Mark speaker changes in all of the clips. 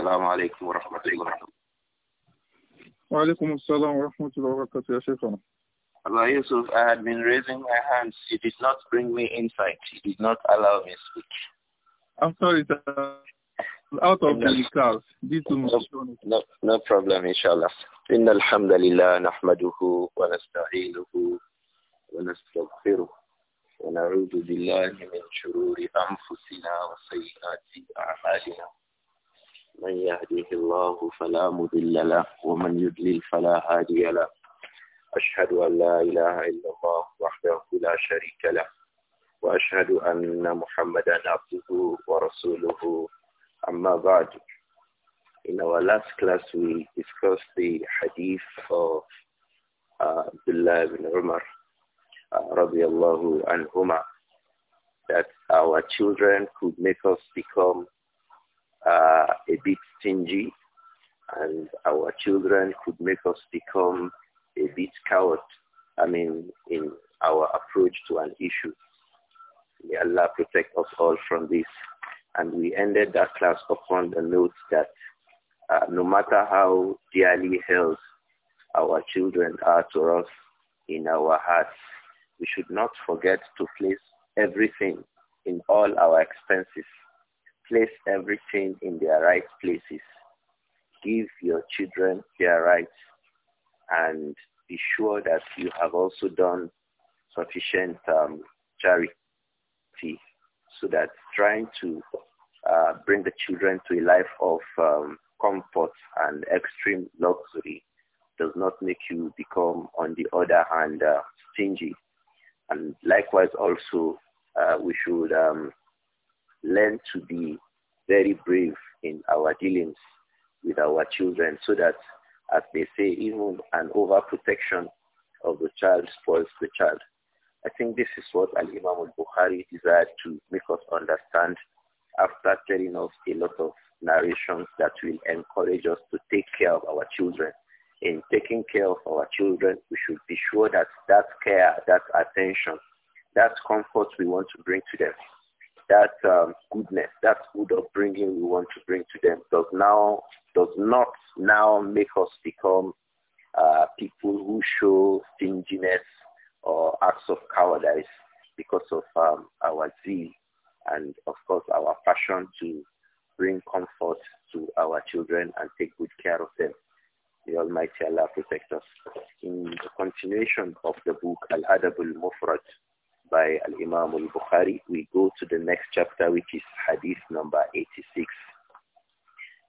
Speaker 1: السلام عليكم ورحمة الله وبركاته وعليكم السلام ورحمة الله وبركاته يا شيخنا Allah Yusuf, I had been raising my hands. You did not bring me insight. You did not allow me speak. I'm sorry, sir. Out of the clouds. This no, no, no problem, inshallah. إن الحمد لله نحمده ونستعينه ونستغفره ونعوذ بالله من شرور أنفسنا وسيئات أعمالنا من يهديه الله فلا مضل له ومن يضلل فلا هادي له أشهد أن لا إله إلا الله وحده لا شريك له وأشهد أن محمدا عبده ورسوله أما بعد In our last class we discussed the hadith of uh, Abdullah ibn Umar رضي الله عنهما, that our children could make us become uh, a bit stingy and our children could make us become a bit coward, I mean, in our approach to an issue. May Allah protect us all from this. And we ended that class upon the note that uh, no matter how dearly held our children are to us in our hearts, we should not forget to place everything in all our expenses Place everything in their right places. Give your children their rights and be sure that you have also done sufficient um, charity so that trying to uh, bring the children to a life of um, comfort and extreme luxury does not make you become, on the other hand, uh, stingy. And likewise also, uh, we should um, learn to be very brave in our dealings with our children so that, as they say, even an overprotection of the child spoils the child. I think this is what Al-Imam al-Bukhari desired to make us understand after telling us a lot of narrations that will encourage us to take care of our children. In taking care of our children, we should be sure that that care, that attention, that comfort we want to bring to them that um, goodness, that good upbringing we want to bring to them does now does not now make us become uh, people who show stinginess or acts of cowardice because of um, our zeal and of course our passion to bring comfort to our children and take good care of them. The Almighty Allah protect us. In the continuation of the book Al-Adab al-Mufrad, by Al-Imam Al-Bukhari, we go to the next chapter, which is Hadith number 86.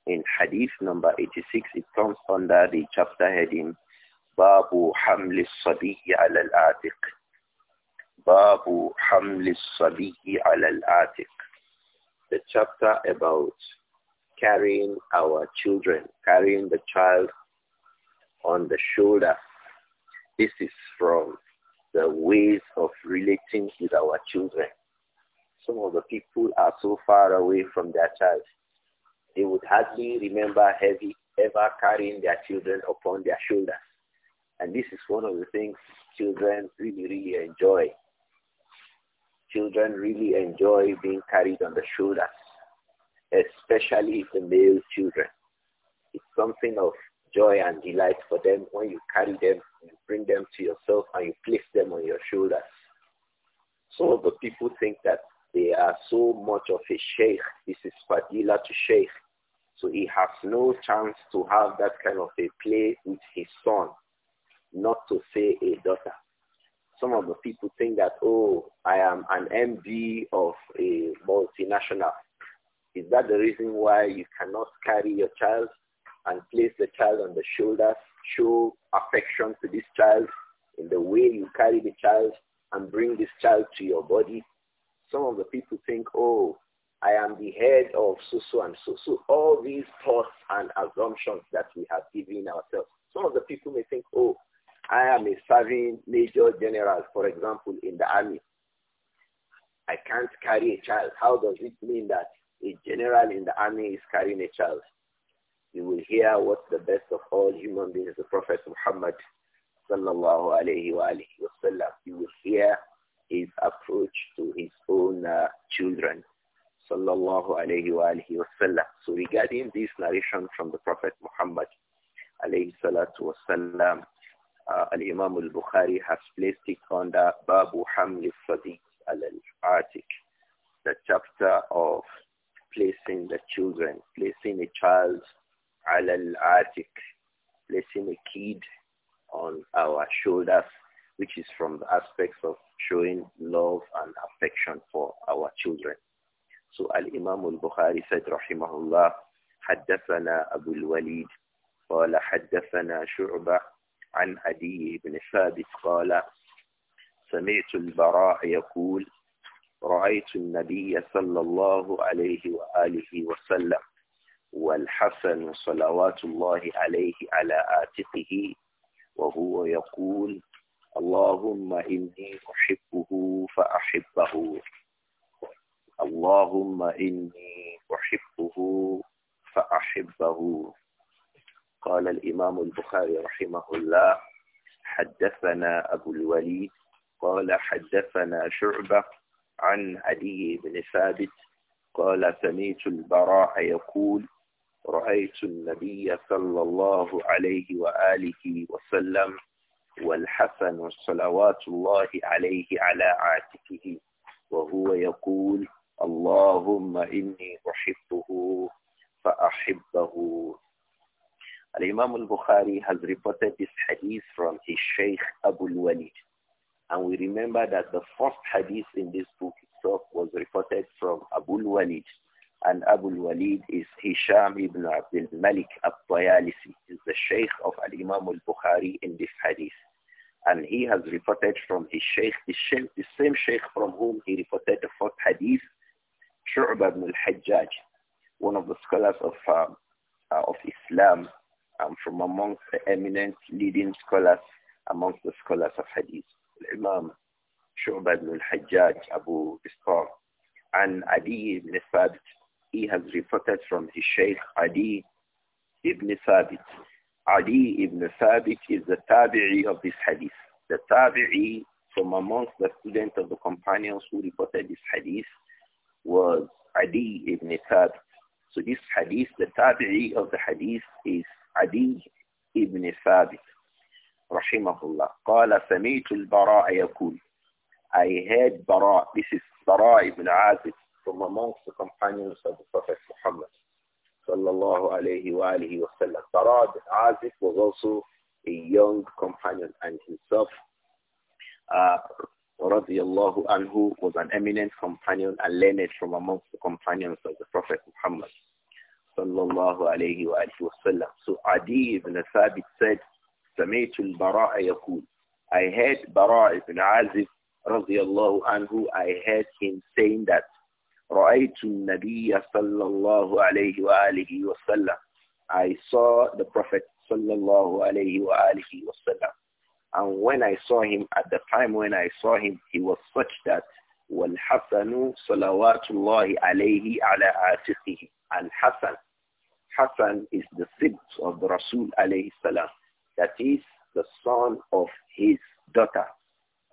Speaker 1: In Hadith number 86, it comes under the chapter heading, Babu Hamli Sabiyi Al-Atiq. Babu Hamli Sabiyi Al-Atiq. The chapter about carrying our children, carrying the child on the shoulder. This is from the ways of relating with our children. Some of the people are so far away from their child. They would hardly remember heavy, ever carrying their children upon their shoulders. And this is one of the things children really, really enjoy. Children really enjoy being carried on the shoulders, especially the male children. It's something of joy and delight for them when you carry them, you bring them to yourself and you place them on your shoulders. Some of the people think that they are so much of a sheikh. This is Fadila to sheikh. So he has no chance to have that kind of a play with his son, not to say a daughter. Some of the people think that, oh, I am an MD of a multinational. Is that the reason why you cannot carry your child? and place the child on the shoulders, show affection to this child in the way you carry the child and bring this child to your body. Some of the people think, oh, I am the head of so-so and so-so. All these thoughts and assumptions that we have given ourselves. Some of the people may think, oh, I am a serving major general, for example, in the army. I can't carry a child. How does it mean that a general in the army is carrying a child? you will hear what the best of all human beings, the Prophet Muhammad sallallahu alayhi wa wasallam, you will hear his approach to his own uh, children sallallahu alayhi wa wasallam. So regarding this narration from the Prophet Muhammad alayhi salatu wasallam, uh, Al-Imam al-Bukhari has placed it under Babu Hamli Sadiq al-Atik, the chapter of placing the children, placing a child ala al-atik, placing a kid on our shoulders, which is from the aspects of showing love and affection for our children. So Al-Imam al-Bukhari said, rahimahullah, حدثنا أبو الوليد قال حدثنا شعبة عن عدي بن ثابت قال سمعت البراء يقول رأيت النبي صلى الله عليه وآله وسلم والحسن صلوات الله عليه على عاتقه وهو يقول اللهم إني أحبه فأحبه اللهم إني أحبه فأحبه قال الإمام البخاري رحمه الله حدثنا أبو الوليد قال حدثنا شعبة عن علي بن ثابت قال سميت البراء يقول رأيت النبي صلى الله عليه وآله وسلم والحسن صلوات الله عليه على عاتقه وهو يقول اللهم إني أحبه فأحبه al-Bukhari has reported this hadith from his Sheikh Abu al-Walid. And we remember that the first hadith in this book itself was reported from Abu al-Walid, and Abu al-Walid is Hisham ibn Abdul Malik al-Tayalisi, is the Sheikh of al-Imam al-Bukhari in this hadith. And he has reported from his Sheikh, the same, the same Sheikh from whom he reported the fourth hadith, Shu'bah ibn al-Hajjaj, one of the scholars of, um, uh, of Islam, um, from amongst the eminent leading scholars amongst the scholars of hadith. Imam Shu'bah ibn al-Hajjaj, Abu Isfar, and Adi ibn Thabit, he has reported from his Shaykh Adi ibn Thabit. Adi ibn Thabit is the tabi'i of this hadith. The tabi'i from amongst the students of the companions who reported this hadith was Adi ibn Thabit. So this hadith, the tabi'i of the hadith is Adi ibn Thabit. رحمه الله قال سمعت البراء يقول I heard براء this is Bara ibn Azib from amongst the companions of the Prophet Muhammad sallallahu alayhi wa alihi wa sallam. Tarad Azif was also a young companion and himself uh, radiallahu anhu was an eminent companion and learned from amongst the companions of the Prophet Muhammad sallallahu alayhi wa alihi wa sallam. So Adi ibn Thabit said, سمعت البراء يقول I heard Bara ibn Azif الله عنه, I heard him saying that رأيت النبي صلى الله عليه وآله وسلم I saw the Prophet صلى الله عليه وآله وسلم And when I saw him, at the time when I saw him, he was such that والحسن صلوات الله عليه على عاتقه and Hassan. Hassan is the sixth of the Rasul alayhi That is the son of his daughter,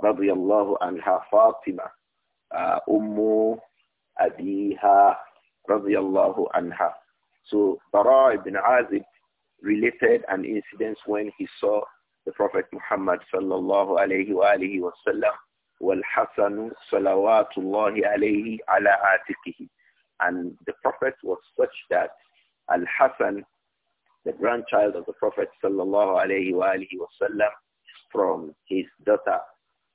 Speaker 1: and her Fatima, uh, abiha radiyallahu anha. So Bara ibn Azib related an incident when he saw the Prophet Muhammad sallallahu alayhi wa alihi wa sallam والحسن صلوات الله عليه على عاتقه and the prophet was such that Al-Hasan, the grandchild of the Prophet sallallahu alayhi wa وآله وسلم, from his daughter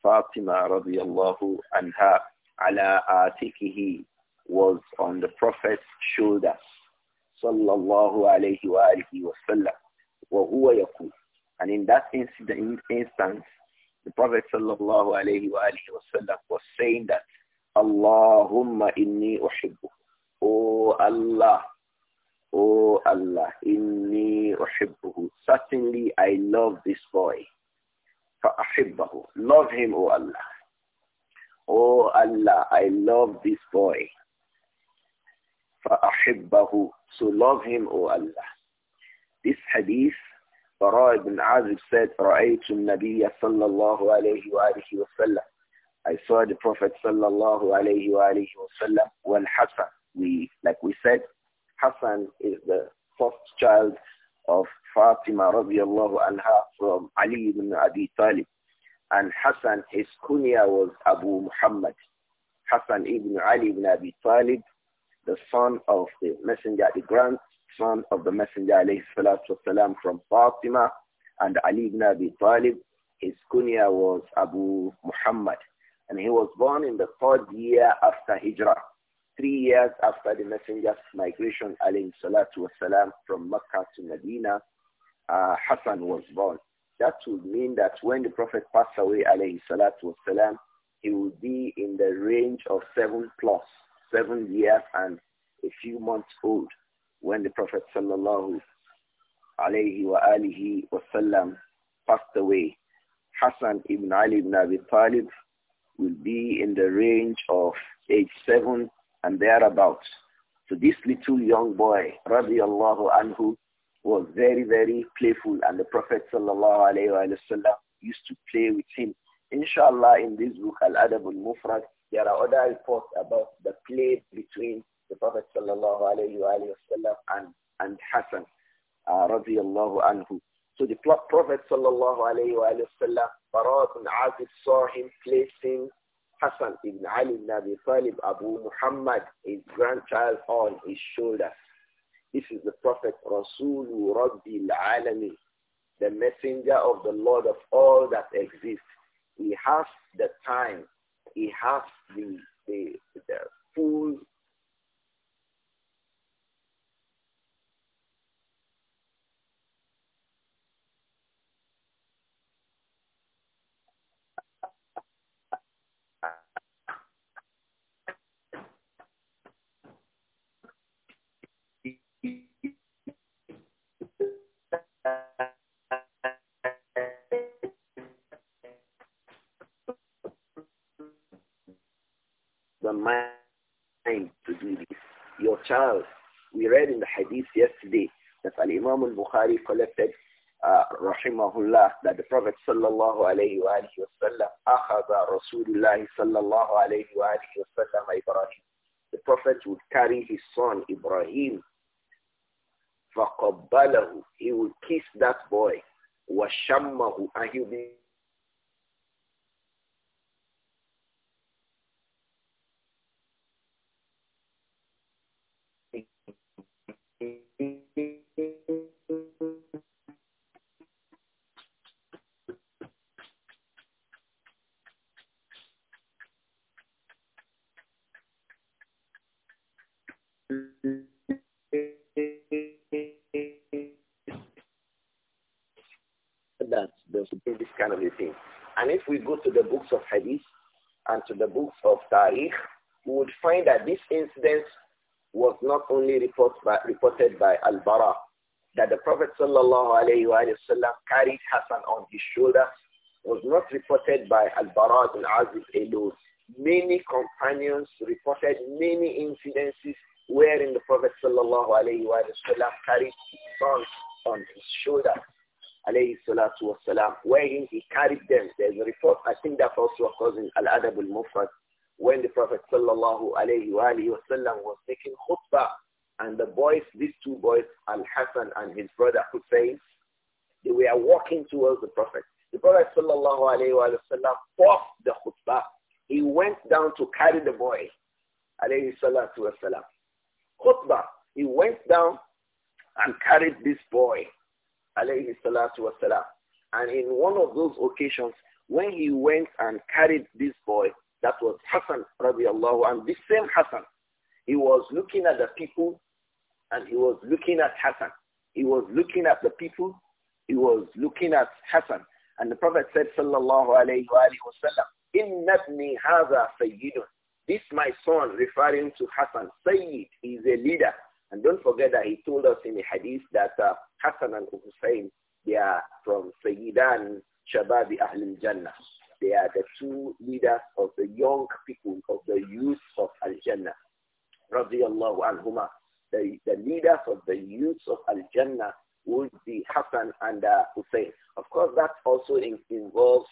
Speaker 1: Fatima الله عنها على عاتقه was on the Prophet's shoulders. Sallallahu alayhi wa alihi wa sallam. And in that incident, instance, the Prophet sallallahu alayhi wa alihi wa sallam was saying that, Allahumma inni uhibbu. Oh Allah, oh Allah, inni uhibbuhu. Certainly I love this boy. فَأَحِبَّهُ Love him, oh Allah. Oh Allah, I love this boy. فأحبه so love him O Allah this hadith براء بن عازب said رأيت النبي صلى الله عليه وآله وسلم I saw the Prophet صلى الله عليه وآله وسلم sallam when Hassan, we, like we said, Hassan is the first child of Fatima رضي الله عنها from Ali ibn Abi Talib. And Hassan, his kunya was Abu Muhammad. Hassan ibn Ali ibn Abi Talib the son of the messenger, the grandson of the messenger alayhi salatu wasalam from Fatima and Ali ibn Abi Talib. His kunya was Abu Muhammad and he was born in the third year after Hijrah, three years after the messenger's migration alayhi salatu wasalam from Makkah to Medina. Uh, Hassan was born. That would mean that when the Prophet passed away alayhi salatu wasalam, he would be in the range of seven plus seven years and a few months old when the Prophet sallallahu alayhi wa alihi wasallam passed away. Hassan ibn Ali ibn Abi Talib will be in the range of age seven and thereabouts. So this little young boy, radiallahu anhu, was very, very playful and the Prophet sallallahu alayhi wa sallam used to play with him. Inshallah, in this book, Al-Adab al-Mufrad, there are other reports about the play between the Prophet sallallahu alayhi wa and, and Hassan uh, radiallahu anhu. So the Prophet sallallahu alayhi wa sallam, Farad ibn Aziz saw him placing Hassan ibn Ali ibn Abi Talib Abu Muhammad, his grandchild, on his shoulder. This is the Prophet Rasul Rabbil Alami, the messenger of the Lord of all that exists. He has the time he has the, the, the full your mind to do this. Your child, we read in the hadith yesterday that Al-Imam al-Bukhari collected, uh, rahimahullah, that the Prophet sallallahu alayhi wa alihi wa sallam, akhada Rasulullah sallallahu alayhi wa alihi wa sallam Ibrahim. The Prophet would carry his son Ibrahim فَقَبَّلَهُ He would kiss that boy. وَشَمَّهُ And he would Tariq, we would find that this incident was not only report by, reported by Al-Bara, that the Prophet sallallahu alayhi wa carried Hassan on his shoulder was not reported by Al-Bara bin Aziz alone. Many companions reported many incidences wherein the Prophet sallallahu alayhi wa carried his sons on his shoulder, alayhi salatu wasalam, wherein he carried them. There's a report, I think that also occurs in Al-Adab al-Mufrad when the Prophet sallallahu alayhi wa was making khutbah and the boys, these two boys, Al-Hassan and his brother Hussein, they were walking towards the Prophet. The Prophet sallallahu alayhi wa sallam paused the khutbah. He went down to carry the boy, alayhi salatu wa sallam. Khutbah, he went down and carried this boy, alayhi salatu wa sallam. And in one of those occasions, when he went and carried this boy, that was Hassan radiallahu and This same Hassan, he was looking at the people and he was looking at Hassan. He was looking at the people. He was looking at Hassan. And the Prophet said, sallallahu alayhi Wasallam, Innatni haza sayyidun. This my son, referring to Hassan, Sayyid, is a leader. And don't forget that he told us in the hadith that uh, Hassan and Hussein, they are from Sayyidan Shababi Ahlul Jannah they are the two leaders of the young people, of the youth of Al-Jannah. Radiallahu anhuma. The, the leaders of the youth of Al-Jannah would be Hassan and uh, Hussein. Of course, that also in, involves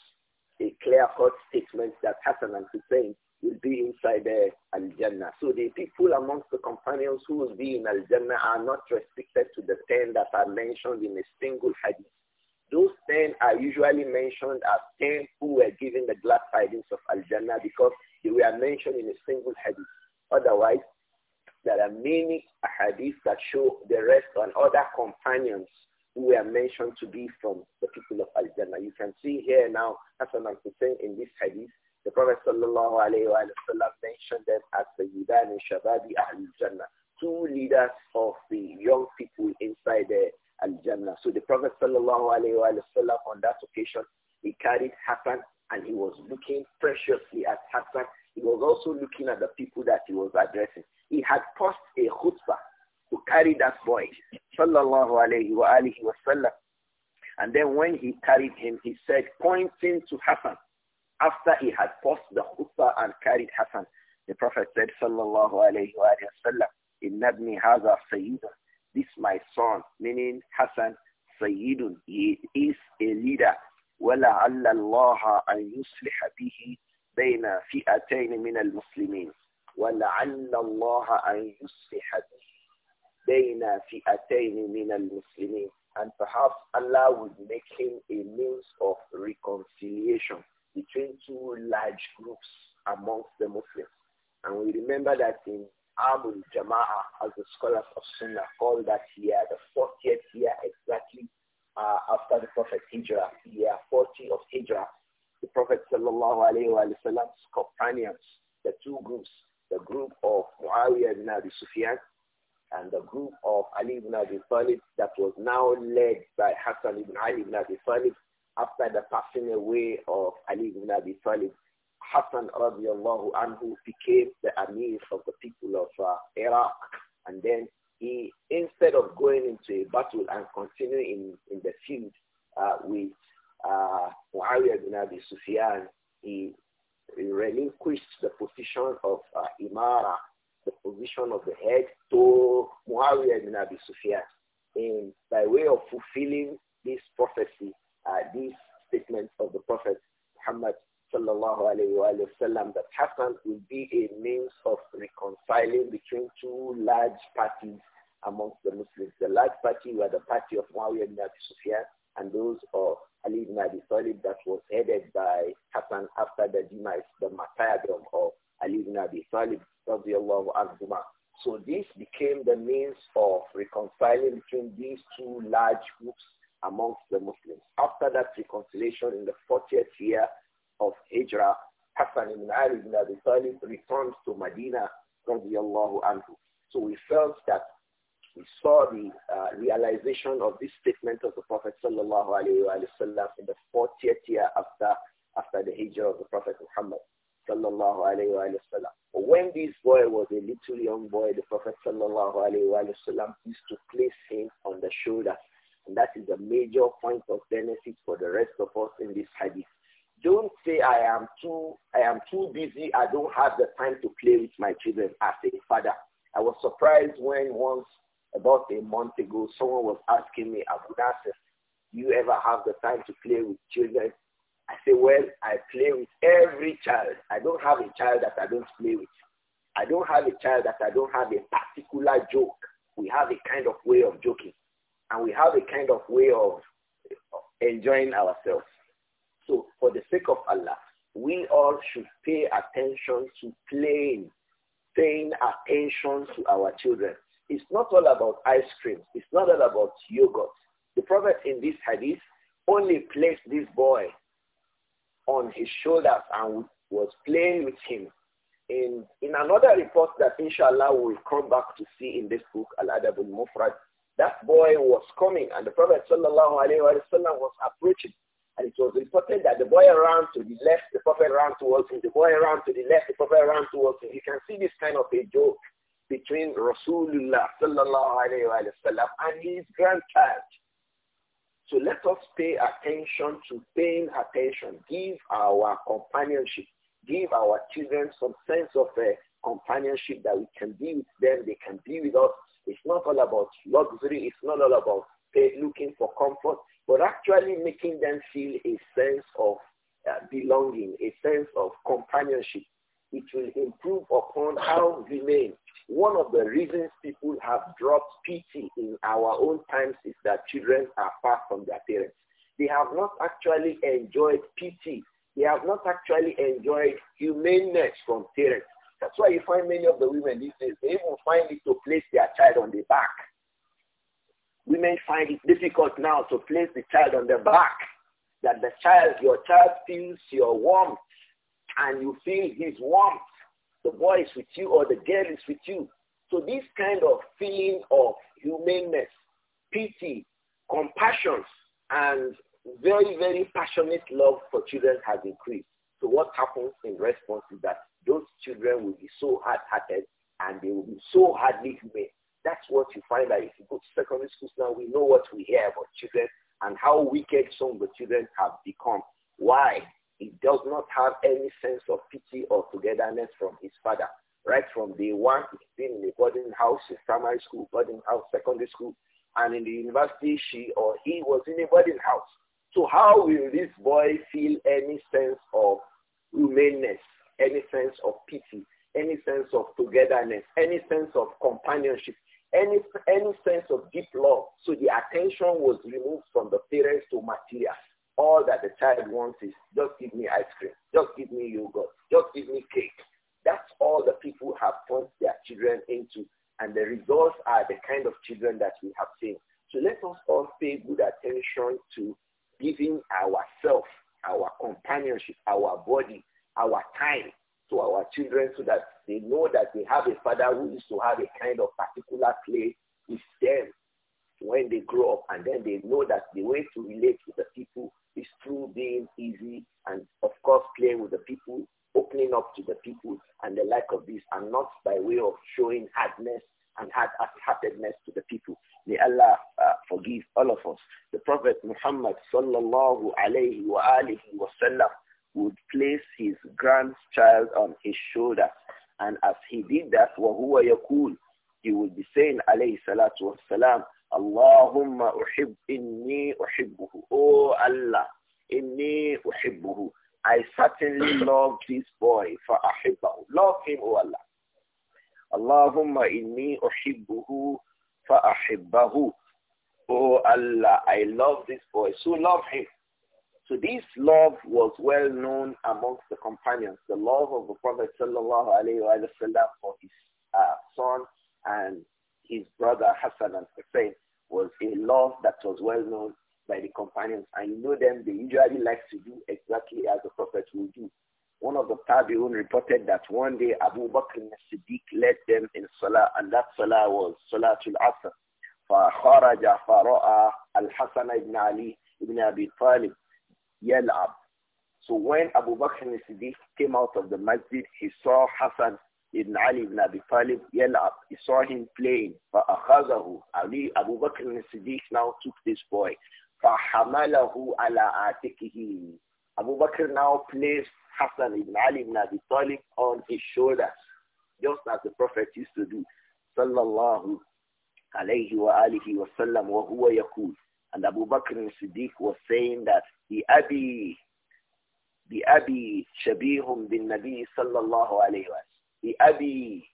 Speaker 1: a clear-cut statement that Hassan and Hussein will be inside the Al-Jannah. So the people amongst the companions who will be in Al-Jannah are not restricted to the ten that are mentioned in a single hadith. Those ten are usually mentioned as ten who were given the glad tidings of Al-Jannah because they were mentioned in a single hadith. Otherwise, there are many hadiths that show the rest and other companions who were mentioned to be from the people of Al-Jannah. You can see here now, I'm saying in this hadith, the Prophet sallallahu alayhi wa mentioned them as the Yudan and Shababi al Jannah, two leaders of the young people inside the al-Jannah. So the Prophet sallallahu alayhi wa on that occasion, he carried Hassan and he was looking preciously at Hassan. He was also looking at the people that he was addressing. He had passed a khutbah to carry that boy, sallallahu alayhi wa alihi wa sallam. And then when he carried him, he said, pointing to Hassan, after he had passed the khutbah and carried Hassan, the Prophet said, sallallahu alayhi wa sallam, إِنَّ ابْنِ هَذَا سَيِّدًا this my son, meaning Hassan Sayyidun. He is a leader. وَلَا عَلَّ اللَّهَ أَنْ يُصْلِحَ بِهِ بَيْنَ فِئَتَيْنِ مِنَ الْمُسْلِمِينَ ولا علَّ اللَّهَ أَنْ يُصْلِحَ بِهِ بَيْنَ فِئَتَيْنِ مِنَ الْمُسْلِمِينَ And perhaps Allah would make him a means of reconciliation between two large groups amongst the Muslims. And we remember that in Amul Jamaa, as the scholars of Sunnah call that year, the 40th year exactly uh, after the Prophet Hijrah, year 40 of Hijrah, the Prophet Sallallahu Alaihi Wasallam's companions, the two groups, the group of Muawiyah ibn Abi Sufyan and the group of Ali ibn Abi Talib that was now led by Hassan ibn Ali ibn Abi Talib after the passing away of Ali ibn Abi Talib Hassan radiallahu anhu became the Amir of the people of uh, Iraq. And then he, instead of going into a battle and continuing in, in the field uh, with uh, Muawiyah bin Abi Sufyan, he relinquished the position of uh, Imara, the position of the head, to Muawiyah bin Abi Sufyan. And by way of fulfilling this prophecy, uh, these statements of the Prophet Muhammad sallallahu alayhi wa that Hassan will be a means of reconciling between two large parties amongst the Muslims. The large party were the party of Muawiyah ibn Abi Sufyan and those of Ali ibn Abi Talib that was headed by Hassan after the demise, the martyrdom of Ali ibn Abi Talib radiallahu anhu. So this became the means of reconciling between these two large groups amongst the Muslims. After that reconciliation in the 40th year of Hijrah, Hassan ibn Ali ibn Abi Talib returned to Medina, radiallahu anhu. So we felt that we saw the uh, realization of this statement of the Prophet sallallahu alayhi wa in the 40th year after, after the Hijrah of the Prophet Muhammad sallallahu alayhi wa When this boy was a little young boy, the Prophet sallallahu alayhi wa used to place him on the shoulder. And that is a major point of benefit for the rest of us in this hadith. Don't say I am too I am too busy. I don't have the time to play with my children as a father. I was surprised when once about a month ago someone was asking me, Abu Nasser, do you ever have the time to play with children? I say, well, I play with every child. I don't have a child that I don't play with. I don't have a child that I don't have a particular joke. We have a kind of way of joking. And we have a kind of way of enjoying ourselves. So for the sake of Allah, we all should pay attention to playing, paying attention to our children. It's not all about ice cream. It's not all about yogurt. The Prophet in this hadith only placed this boy on his shoulders and was playing with him. In, in another report that inshallah we'll come back to see in this book, Al-Adab al-Mufrad, that boy was coming and the Prophet sallallahu alayhi wa was approaching. And it was reported that the boy ran to the left, the prophet ran towards him, the boy ran to the left, the prophet ran towards him. You can see this kind of a joke between Rasulullah sallallahu sallam and his grandchild. So let us pay attention to paying attention. Give our companionship. Give our children some sense of uh, companionship that we can be with them. They can be with us. It's not all about luxury. It's not all about uh, looking for comfort but actually making them feel a sense of uh, belonging, a sense of companionship. It will improve upon how we remain. One of the reasons people have dropped PT in our own times is that children are far from their parents. They have not actually enjoyed PT. They have not actually enjoyed humaneness from parents. That's why you find many of the women these days, they even find it to place their child on the back Women find it difficult now to place the child on the back, that the child, your child feels your warmth and you feel his warmth. The boy is with you or the girl is with you. So this kind of feeling of humaneness, pity, compassion, and very, very passionate love for children has increased. So what happens in response is that those children will be so hard-hearted and they will be so hardly humane that's what you find that if you go to secondary schools now, we know what we hear about children and how wicked some of the children have become. Why? He does not have any sense of pity or togetherness from his father. Right from day one, he's been in a boarding house, in primary school, boarding house, secondary school, and in the university, she or he was in a boarding house. So how will this boy feel any sense of humaneness, any sense of pity, any sense of togetherness, any sense of companionship? any, any sense of deep love. So the attention was removed from the parents to material. All that the child wants is just give me ice cream, just give me yogurt, just give me cake. That's all the people have turned their children into. And the results are the kind of children that we have seen. So let us all pay good attention to giving ourselves, our companionship, our body, our time, to our children so that they know that they have a father who used to have a kind of particular place with them when they grow up and then they know that the way to relate with the people is through being easy and of course playing with the people, opening up to the people and the like of this and not by way of showing hardness and hard-heartedness to the people. May Allah uh, forgive all of us. The Prophet Muhammad sallallahu alayhi wa alihi wa sallam would place his grandchild on his shoulder. And as he did that, وَهُوَ يَقُولُ He would be saying, alayhi salatu wasalam, Allahumma uhib, inni uhibbuhu. Oh Allah, inni uhibbuhu. I certainly love this boy for ahibbahu. Love him, oh Allah. Allahumma inni uhibbuhu fa ahibbahu. Oh Allah, I love this boy, so love him. So this love was well known amongst the companions, the love of the Prophet sallallahu alayhi wa sallam for his uh, son and his brother Hassan and Hussein was a love that was well known by the companions. And you know them, they usually like to do exactly as the Prophet will do. One of the Tabi'un reported that one day Abu Bakr as-Siddiq led them in Salah, and that Salah was Salatul Asr. فخرج فرأى الحسن بن علي بن أبي طالب Yal'ab. So when Abu Bakr al-Siddiq came out of the masjid, he saw Hassan ibn Ali ibn Abi Talib Yal'ab. He saw him playing. فَأَخَذَهُ Ali, Abu Bakr al-Siddiq now took this boy. فَحَمَلَهُ عَلَىٰ آتِكِهِ Abu Bakr now placed Hassan ibn Ali ibn Abi Talib on his shoulders, just as the Prophet used to do. Sallallahu alayhi wa alihi wa sallam wa and Abu Bakr al-Siddiq was saying that the Abi, the Abi Shabihun bin Nabi sallallahu alayhi wa The Abi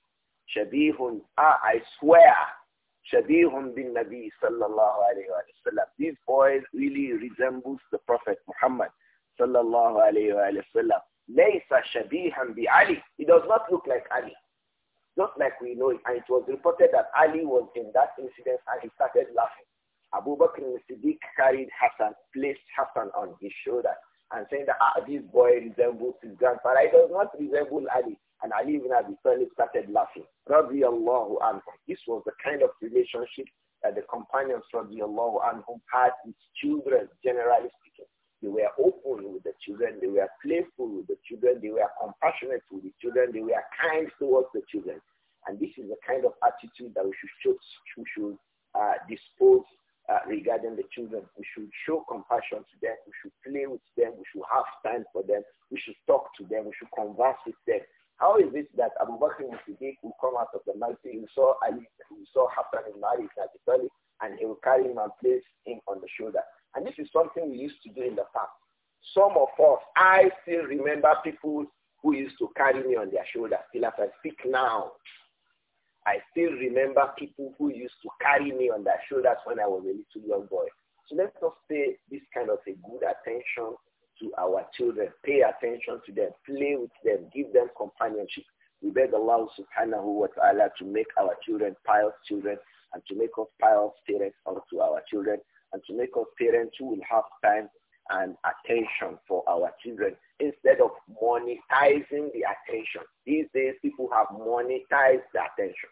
Speaker 1: Shabihun, ah, I swear, Shabihun bin Nabi sallallahu alayhi wa sallam. boys really resembles the Prophet Muhammad sallallahu alayhi wa sallam. Laysa shabihan bi Ali. He does not look like Ali. Not like we know it. And it was reported that Ali was in that incident and he started laughing. Abu Bakr Siddiq carried Hassan, placed Hassan on his shoulder and saying that ah, this boy resembles his grandfather. He does not resemble Ali. And Ali ibn Abi Talib started laughing. Radiallahu anhu. This was the kind of relationship that the companions radiallahu anhum had with children, generally speaking. They were open with the children. They were playful with the children. They were compassionate with the children. They were kind towards the children. And this is the kind of attitude that we should, should, should uh, dispose uh, regarding the children. We should show compassion to them. We should play with them. We should have time for them. We should talk to them. We should converse with them. How is it that Abu Bakr Siddiq will come out of the mosque? He saw Ali, he saw Hassan in Malik and and he will carry him and place him on the shoulder. And this is something we used to do in the past. Some of us, I still remember people who used to carry me on their shoulder. Still as I speak now, I still remember people who used to carry me on their shoulders when I was a little young boy. So let's pay this kind of a good attention to our children. Pay attention to them. Play with them. Give them companionship. We beg Allah subhanahu wa ta'ala to make our children pious children and to make us pious parents unto our children and to make us parents who will have time and attention for our children instead of monetizing the attention. These days people have monetized the attention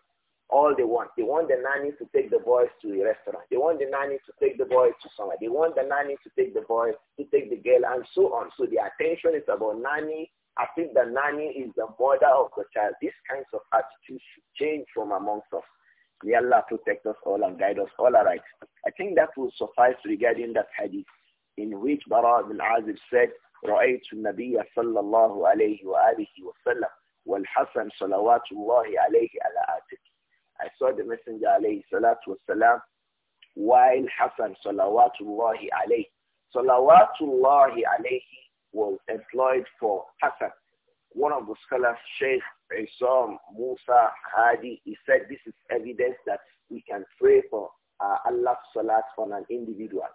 Speaker 1: all they want. They want the nanny to take the boys to a restaurant. They want the nanny to take the boys to somewhere. They want the nanny to take the boys, to take the girl, and so on. So the attention is about nanny. I think the nanny is the mother of the child. These kinds of attitudes should change from amongst us. May Allah protect us all and guide us all Alright, I think that will suffice regarding that hadith in which Bara bin Azib said, رأيت النبي صلى الله عليه وآله وسلم والحسن صلوات الله عليه على آتك I saw the Messenger alayhi salatu wasalam while Hassan salawatullahi alayhi. Salawatullahi alayhi was employed for Hassan. One of the scholars, Sheikh Isam Musa Hadi, he said this is evidence that we can pray for uh, Allah's salat on an individual.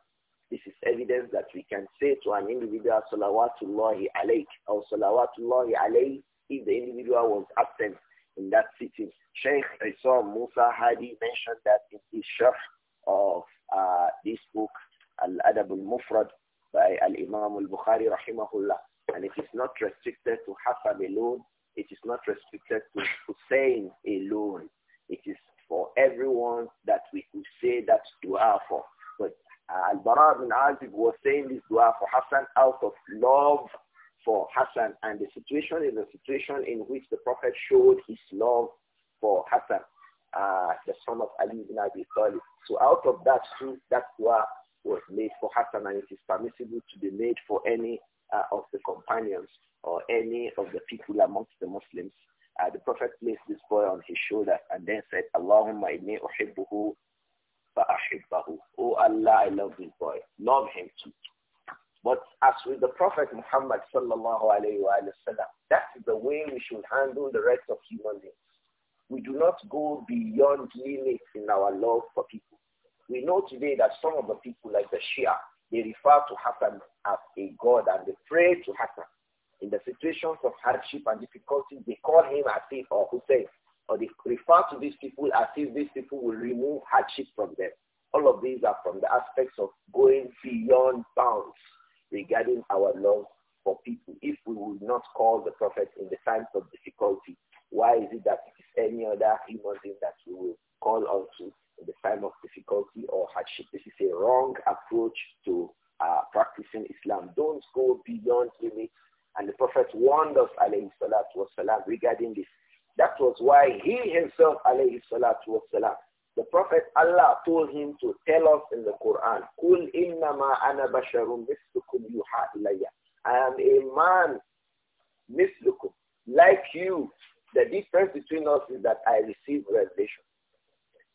Speaker 1: This is evidence that we can say to an individual, salawatullahi alayk, or salawatullahi alayhi, if the individual was absent in that city. Sheikh Isa Musa Hadi mentioned that in his sharh of uh, this book, Al-Adab al-Mufrad, by Al-Imam al-Bukhari rahimahullah. And it is not restricted to Hafab alone. It is not restricted to Hussein alone. It is for everyone that we could say that dua for. But uh, Al-Bara bin Azib was saying this dua for Hassan out of love for Hassan and the situation is a situation in which the Prophet showed his love for Hassan, uh, the son of Ali ibn Abi Talib. So out of that too, that dua was made for Hassan and it is permissible to be made for any uh, of the companions or any of the people amongst the Muslims. Uh, the Prophet placed this boy on his shoulder and then said, Allahumma inni uhibbuhu fa'ahibbahu. Oh Allah, I love this boy. Love him too. But as with the Prophet Muhammad sallallahu alayhi wa that is the way we should handle the rest of human beings. We do not go beyond limits in our love for people. We know today that some of the people like the Shia, they refer to Hassan as a god and they pray to Hassan. In the situations of hardship and difficulties, they call him Asif or Hussein, or they refer to these people as if these people will remove hardship from them. All of these are from the aspects of going beyond bounds regarding our love for people if we would not call the prophet in the times of difficulty? Why is it that it is any other human being that we will call on to in the time of difficulty or hardship? This is a wrong approach to uh, practicing Islam. Don't go beyond limits. And the Prophet warned us, alayhi salatu wasalam, regarding this. That was why he himself, alayhi salatu wasalam, the Prophet Allah told him to tell us in the Quran, I am a man, like you. The difference between us is that I receive revelation.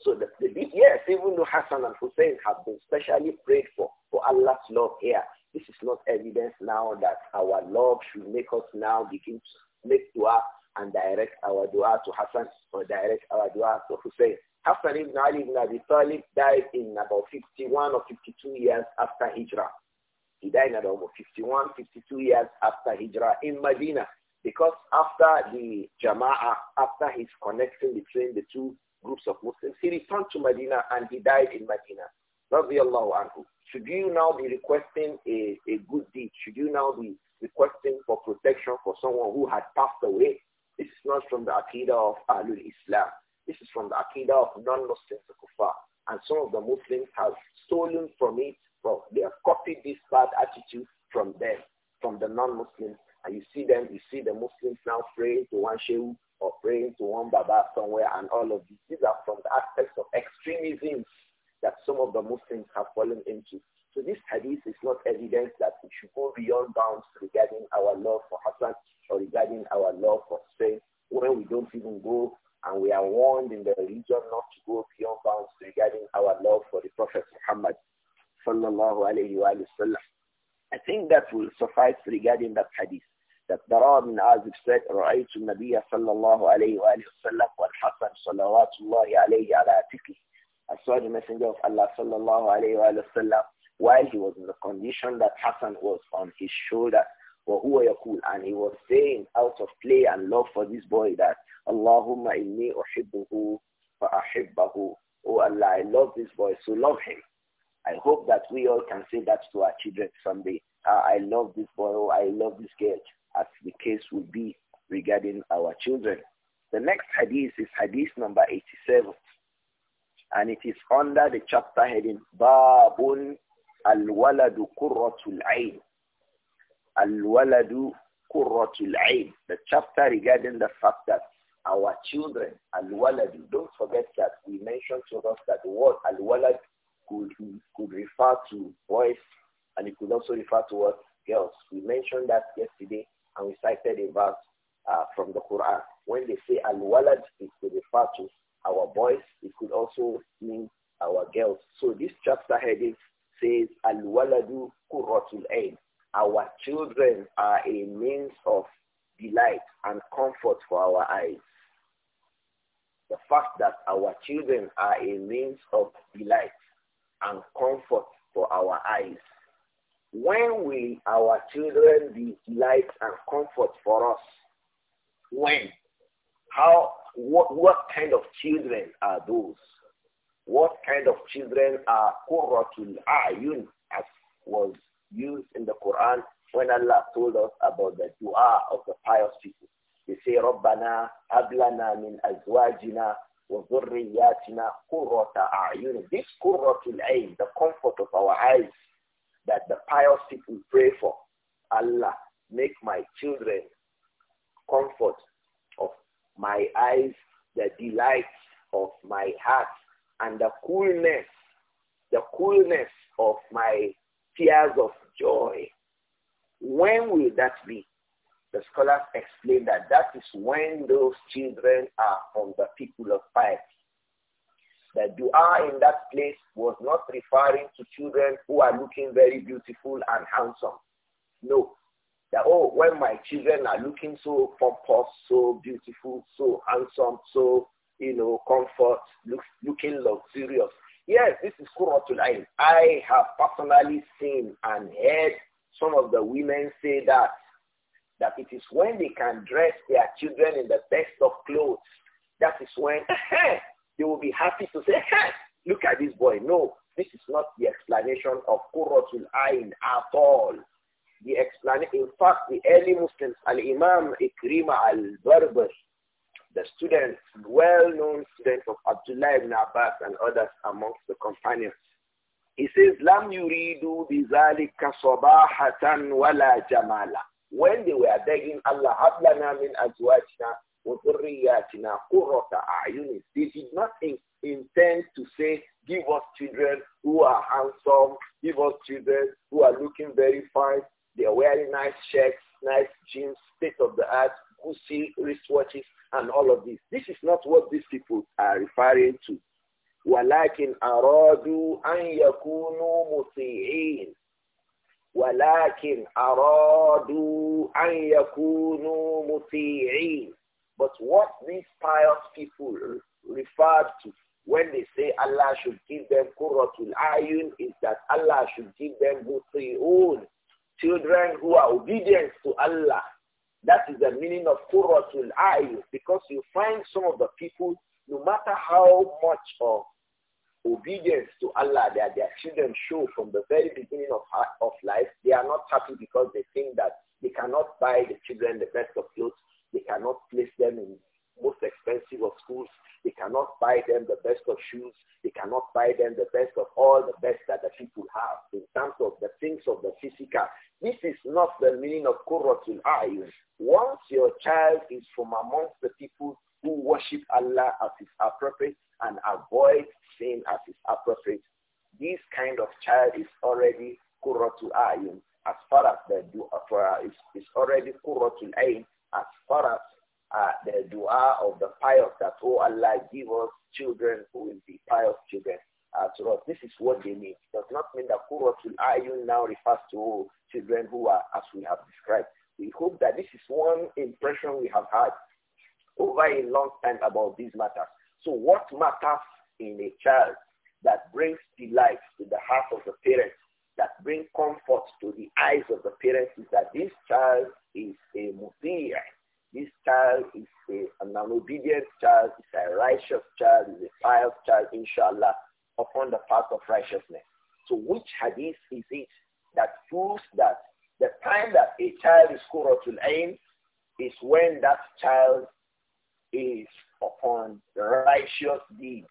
Speaker 1: So the, the yes, even though Hassan and Hussein have been specially prayed for, for Allah's love here, this is not evidence now that our love should make us now begin to make dua and direct our dua to Hassan or direct our dua to Hussein. Hassan ibn Ali ibn Abi Talib died in about 51 or 52 years after Hijrah. He died in about 51, 52 years after Hijrah in Medina. Because after the Jama'ah, after his connection between the two groups of Muslims, he returned to Medina and he died in Medina. Radiallahu anhu. Should you now be requesting a, a good deed? Should you now be requesting for protection for someone who had passed away? This is not from the Aqidah of Ahlul Islam. This is from the Akida of non-Muslims, the Kufa. And some of the Muslims have stolen from it. but they have copied this bad attitude from them, from the non-Muslims. And you see them, you see the Muslims now praying to one Shehu or praying to one Baba somewhere and all of these. These are from the aspects of extremism that some of the Muslims have fallen into. So this hadith is not evidence that we should go beyond bounds regarding our love for Hassan or regarding our love for Spain when we don't even go and we are warned in the religion not to go beyond bounds regarding our love for the Prophet Muhammad sallallahu alayhi wa sallam. I think that will suffice regarding that hadith. That Dara bin Azib said, I saw the messenger of Allah sallallahu alayhi wa sallam while he was in the condition that Hassan was on his shoulder and he was saying out of play and love for this boy that, اللهم إني أحبه فأحبه. Oh Allah, I love this boy, so love him. I hope that we all can say that to our children someday. Uh, I love this boy, oh, I love this girl, as the case would be regarding our children. The next hadith is hadith number 87. And it is under the chapter heading, Babun al-waladu qurratul ayn. Al-Waladu Qurratul Ain, the chapter regarding the fact that our children, Al-Waladu, don't forget that we mentioned to us that the word Al-Walad could, could refer to boys and it could also refer to what girls. We mentioned that yesterday and we cited a verse uh, from the Quran. When they say Al-Walad, it could refer to our boys. It could also mean our girls. So this chapter heading says Al-Waladu kurratul Ain our children are a means of delight and comfort for our eyes. The fact that our children are a means of delight and comfort for our eyes. When will our children be delight and comfort for us? When? How? What, what kind of children are those? What kind of children are Qurratul Ayun as was used in the Quran when Allah told us about the dua of the pious people. They say, رَبَّنَا أَبْلَنَا مِنْ أَزْوَاجِنَا وَذُرِّيَّاتِنَا قُرَّةَ أَعْيُنِ This qurratul ayn, the comfort of our eyes that the pious people pray for. Allah, make my children comfort of my eyes, the delight of my heart, and the coolness, the coolness of my tears of joy. When will that be? The scholars explain that that is when those children are from the people of piety. The dua in that place was not referring to children who are looking very beautiful and handsome. No. That, oh, when my children are looking so pompous, so beautiful, so handsome, so, you know, comfort, look, looking luxurious, Yes, this is Qurratul Ain. I have personally seen and heard some of the women say that, that it is when they can dress their children in the best of clothes, that is when they will be happy to say, hey, look at this boy. No, this is not the explanation of Qurratul Ain at all. The explanation, in fact, the early Muslims, Al-Imam Ikrima al-Barbar, the students, well-known students of Abdullah ibn Abbas and others amongst the companions. He says, Lam yuridu bizalika sabahatan wala jamala. When they were begging Allah, hablana min azwajina wa dhurriyatina qurrata a'yunin. They did not in intend to say, give us children who are handsome, give us children who are looking very fine. They are wearing nice shirts, nice jeans, state of the art, Gucci wristwatches, and all of this. This is not what these people are referring to. ولكن أرادوا أن يكونوا مطيعين ولكن أرادوا أن يكونوا مطيعين But what these pious people refer to when they say Allah should give them Qurratul Ayun is that Allah should give them Muti'un, children who are obedient to Allah. That is the meaning of Qurratul Ayn because you find some of the people, no matter how much of obedience to Allah that their children show from the very beginning of, of life, they are not happy because they think that they cannot buy the children the best of clothes, they cannot place them in most expensive of schools. They cannot buy them the best of shoes. They cannot buy them the best of all the best that the people have in terms of the things of the physical. This is not the meaning of Qurratul ayn. Once your child is from amongst the people who worship Allah as is appropriate and avoid sin as is appropriate, this kind of child is already Qurratul ayn. as far as the dua uh, is, is already Qurratul ayn as far as uh, the dua of the pious that, oh Allah, give us children who will be pious children uh, to us. This is what they need. It does not mean that Qurratul Ayun now refers to children who are, as we have described. We hope that this is one impression we have had over a long time about these matters. So what matters in a child that brings delight to the heart of the parents, that brings comfort to the eyes of the parents is that this child is a mutir, this child is a, an obedient child, is a righteous child, is a pious child, inshallah, upon the path of righteousness. So which hadith is it that proves that the time that a child is Quratul Ain is when that child is upon righteous deeds.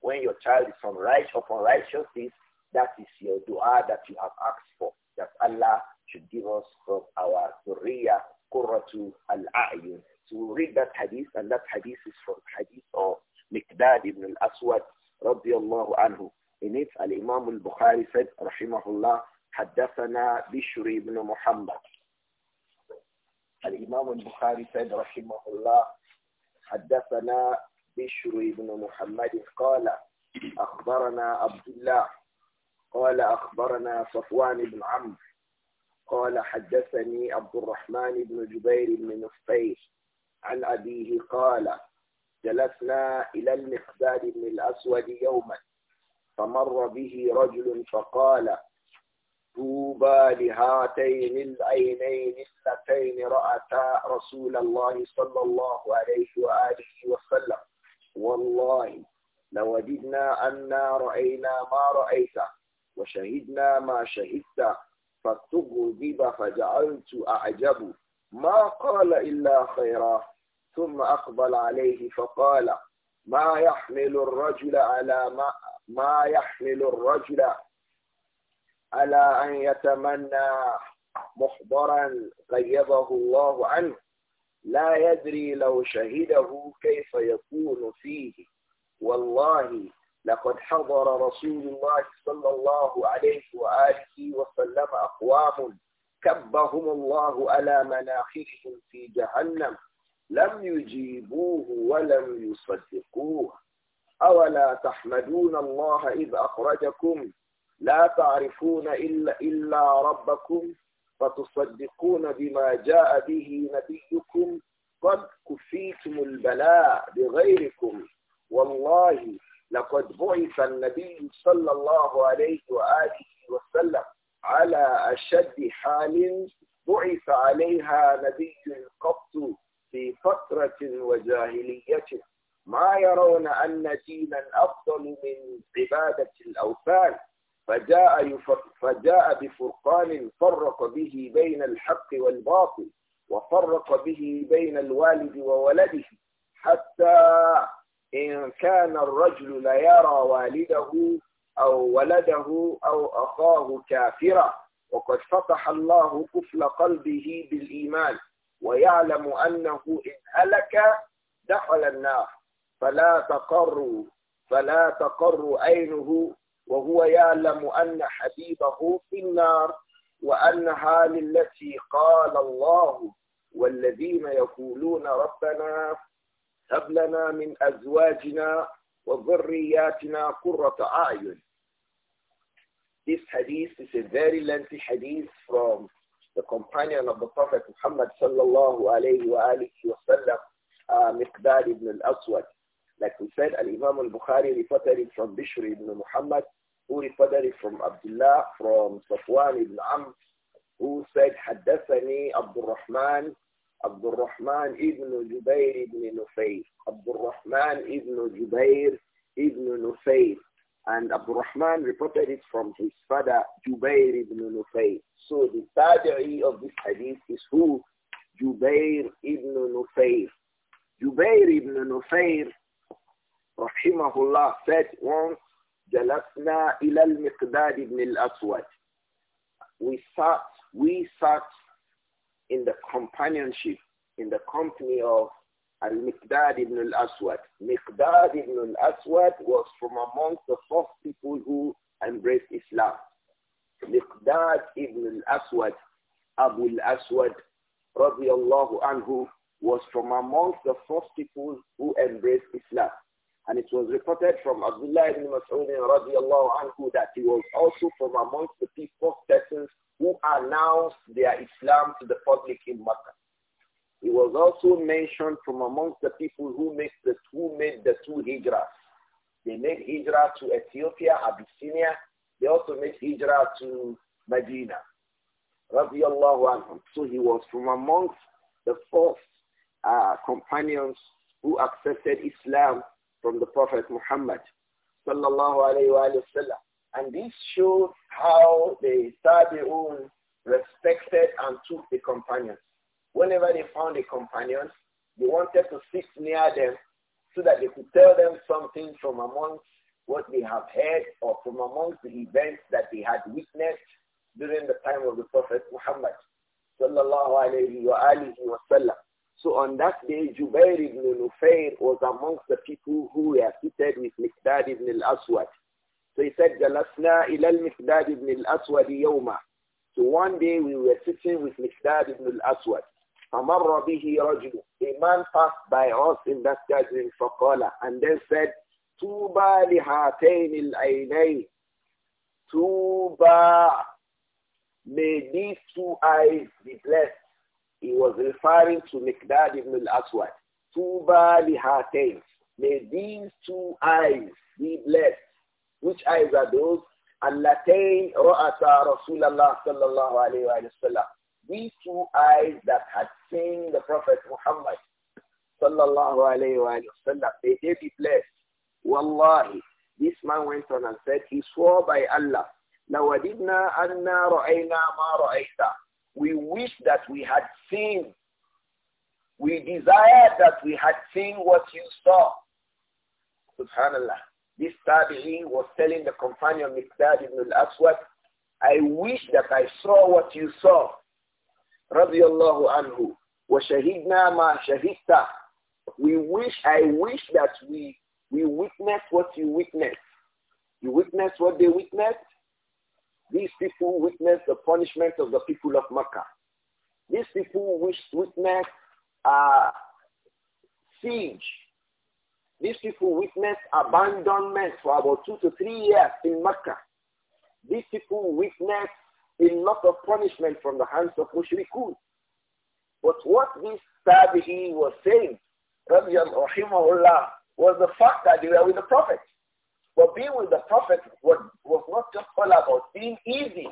Speaker 1: When your child is on right, upon righteous deeds, that is your dua that you have asked for, that Allah should give us from our Suriyah qurratu al-a'yun. So we read that hadith, and that hadith is from hadith of Miqdad ibn al-Aswad, radiyallahu anhu. In it, al-Imam al-Bukhari said, rahimahullah, حدثنا بشر بن محمد. الإمام Bukhari said رحمه الله حدثنا بشر بن محمد أخبرنا عبد الله قال أخبرنا صفوان بن عمرو قال حدثني عبد الرحمن بن جبير بن نفيس عن أبيه قال جلسنا إلى المقداد بن الأسود يوما فمر به رجل فقال طوبى لهاتين العينين اللتين رأتا رسول الله صلى الله عليه وآله وسلم والله لوجدنا أنا رأينا ما رأيت وشهدنا ما شهدت فاستغضب فجعلت أعجب ما قال إلا خيرا ثم أقبل عليه فقال ما يحمل الرجل على ما, ما يحمل الرجل على أن يتمنى محضرا غيبه الله عنه لا يدري لو شهده كيف يكون فيه والله لقد حضر رسول الله صلى الله عليه وآله وسلم أقوام كبهم الله على مناخرهم في جهنم لم يجيبوه ولم يصدقوه أولا تحمدون الله إذ أخرجكم لا تعرفون إلا, إلا ربكم فتصدقون بما جاء به نبيكم قد كفيتم البلاء بغيركم والله لقد بعث النبي صلى الله عليه وآله وسلم على أشد حال بعث عليها نبي قط في فترة وجاهلية ما يرون أن دينا أفضل من عبادة الأوثان فجاء, فجاء بفرقان فرق به بين الحق والباطل وفرق به بين الوالد وولده حتى إن كان الرجل ليرى والده أو ولده أو أخاه كافرا وقد فتح الله كفل قلبه بالإيمان ويعلم أنه إن هلك دخل النار فلا تقر فلا تقر عينه وهو يعلم أن حبيبه في النار وأنها للتي قال الله والذين يقولون ربنا هب لنا من أزواجنا وذرياتنا قرة أعين This hadith is a very lengthy hadith from the companion of the Prophet Muhammad sallallahu alayhi wa alihi wa sallam, uh, Miqdad ibn al-Aswad. Like we said, Al-Imam al-Bukhari reported it from Bishri ibn Muhammad, who reported it from Abdullah, from Safwan ibn Amr, who said, حدثني عبد الرحمن عبد الرحمن ابن جبير ابن نفير عبد الرحمن ابن جبير ابن نفير and Abu Rahman reported it from his father Jubair ibn Nufayr. So the tabi'i of this hadith is who? Jubair ibn Nufayr. Jubair ibn Nufayr, rahimahullah, said once, جلسنا إلى المقداد ibn al-Aswad. We sat, we sat in the companionship, in the company of Al-Miqdad ibn al-Aswad. Miqdad ibn al-Aswad was from amongst the first people who embraced Islam. Miqdad ibn al-Aswad, Abu al-Aswad, radiallahu anhu, was from amongst the first people who embraced Islam. And it was reported from Abdullah ibn Mas'ud radiallahu anhu that he was also from amongst the first persons who announced their Islam to the public in Makkah. He was also mentioned from amongst the people who, the, made the two hijrahs. They made hijrah to Ethiopia, Abyssinia. They also made hijrah to Medina. So he was from amongst the first uh, companions who accepted Islam from the Prophet Muhammad sallallahu alayhi wa sallam. And this shows how the own respected and took the companions. Whenever they found a companion, they wanted to sit near them so that they could tell them something from amongst what they have heard or from amongst the events that they had witnessed during the time of the Prophet Muhammad sallallahu So on that day, Jubair ibn Nufayr was amongst the people who were seated with Miqdad ibn al-Aswad. So he said, Jalasna ilal Miqdad ibn al-Aswad yawma. So one day we were sitting with Miqdad ibn al-Aswad. A man passed by us in that gathering فَقَالَ And then said, طُوبَى لِهَاتَيْنِ الْعَيْنَيْنِ Tuba, May these two eyes be blessed. He was referring to Miqdad ibn al-Aswad. طُوبَى لِهَاتَيْنِ May these two eyes be blessed. Which eyes are those? Allatain ra'ata Rasulallah sallallahu alayhi wa sallam. These two eyes that had seen the Prophet Muhammad sallallahu alayhi wa sallam. They gave be blessed. Wallahi. This man went on and said, he swore by Allah, لَوَدِدْنَا أَنَّا رَأَيْنَا مَا رَأَيْتَ We wish that we had seen. We desire that we had seen what you saw. Subhanallah. This Tabi'i was telling the companion Miqdad ibn al-Aswad, I wish that I saw what you saw. Radiallahu anhu. وَشَهِدْنَا مَا شَهِدْتَ We wish, I wish that we, we witnessed what you witnessed. You witnessed what they witnessed. These people witnessed the punishment of the people of Makkah. These people witnessed a uh, siege these people witnessed abandonment for about two to three years in Mecca. These people witnessed a lot of punishment from the hands of Mushrikun. But what this Tabi'i was saying, Rahimahullah, was the fact that they were with the Prophet. But being with the Prophet was, was not just all about being easy.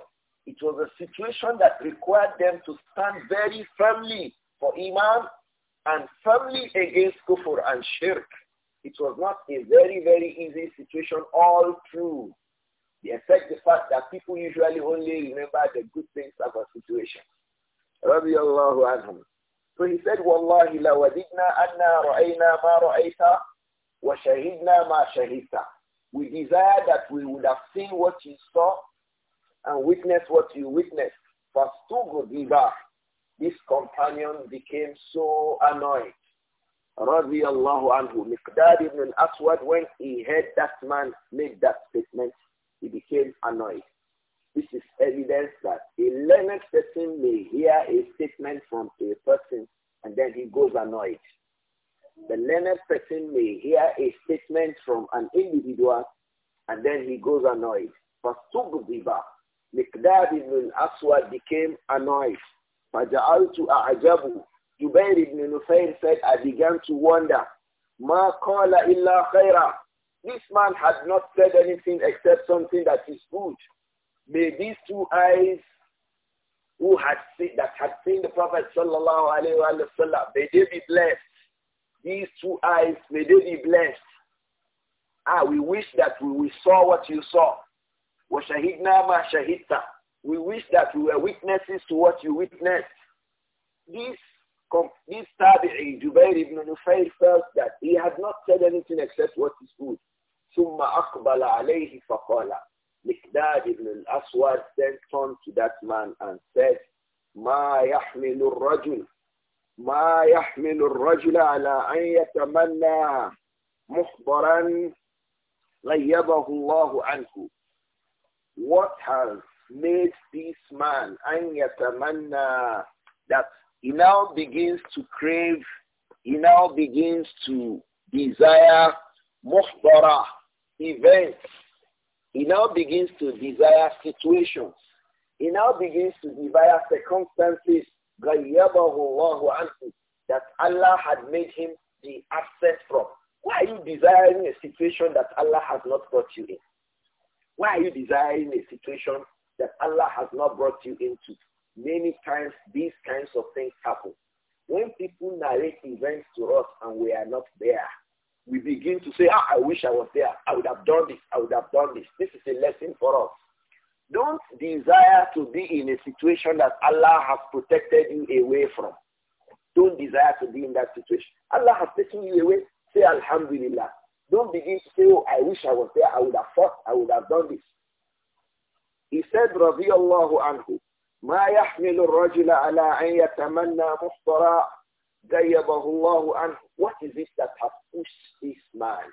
Speaker 1: It was a situation that required them to stand very firmly for Iman and firmly against kufr and shirk. It was not a very, very easy situation all through. Except the fact that people usually only remember the good things of a situation. So he said, Wallahi lawadidna anna ra'ayna ma ra'ayta wa shahidna ma We desire that we would have seen what you saw and witnessed what you witnessed. Fastugu This companion became so annoyed radiallahu anhu, Miqdad ibn al-Aswad, when he heard that man make that statement, he became annoyed. This is evidence that a learned person may hear a statement from a person and then he goes annoyed. The learned person may hear a statement from an individual and then he goes annoyed. فَسُبْضِبَ Miqdad ibn al-Aswad became annoyed. فَجَعَلْتُ أَعْجَبُ Jubair ibn Nufayr said, I began to wonder, Ma qala illa khaira. This man had not said anything except something that is good. May these two eyes who had seen, that had seen the Prophet sallallahu alayhi wa sallam, may they be blessed. These two eyes, may they be blessed. Ah, we wish that we, we saw what you saw. shahidna ma shahidta? We wish that we were witnesses to what you witnessed. These this Tabi'i, Jubair ibn Nufayr felt that he had not said anything except what is good. ثم أقبل عليه فقال Mikdad ibn al-Aswad then turned to that man and said, ما يحمل الرجل ما يحمل الرجل على أن يتمنى محضرا غيبه الله عنه What has made this man أن يتمنى that he now begins to crave, he now begins to desire muhtara, events. He now begins to desire situations. He now begins to desire circumstances that Allah had made him the access from. Why are you desiring a situation that Allah has not brought you in? Why are you desiring a situation that Allah has not brought you into? Many times these kinds of things happen. When people narrate events to us and we are not there, we begin to say, ah, I wish I was there. I would have done this. I would have done this. This is a lesson for us. Don't desire to be in a situation that Allah has protected you away from. Don't desire to be in that situation. Allah has taken you away. Say Alhamdulillah. Don't begin to say, oh, I wish I was there. I would have fought. I would have done this. He said, Radiallahu anhu, ما يحمل الرجل على أن يتمنى الله عنه What is it that has pushed this man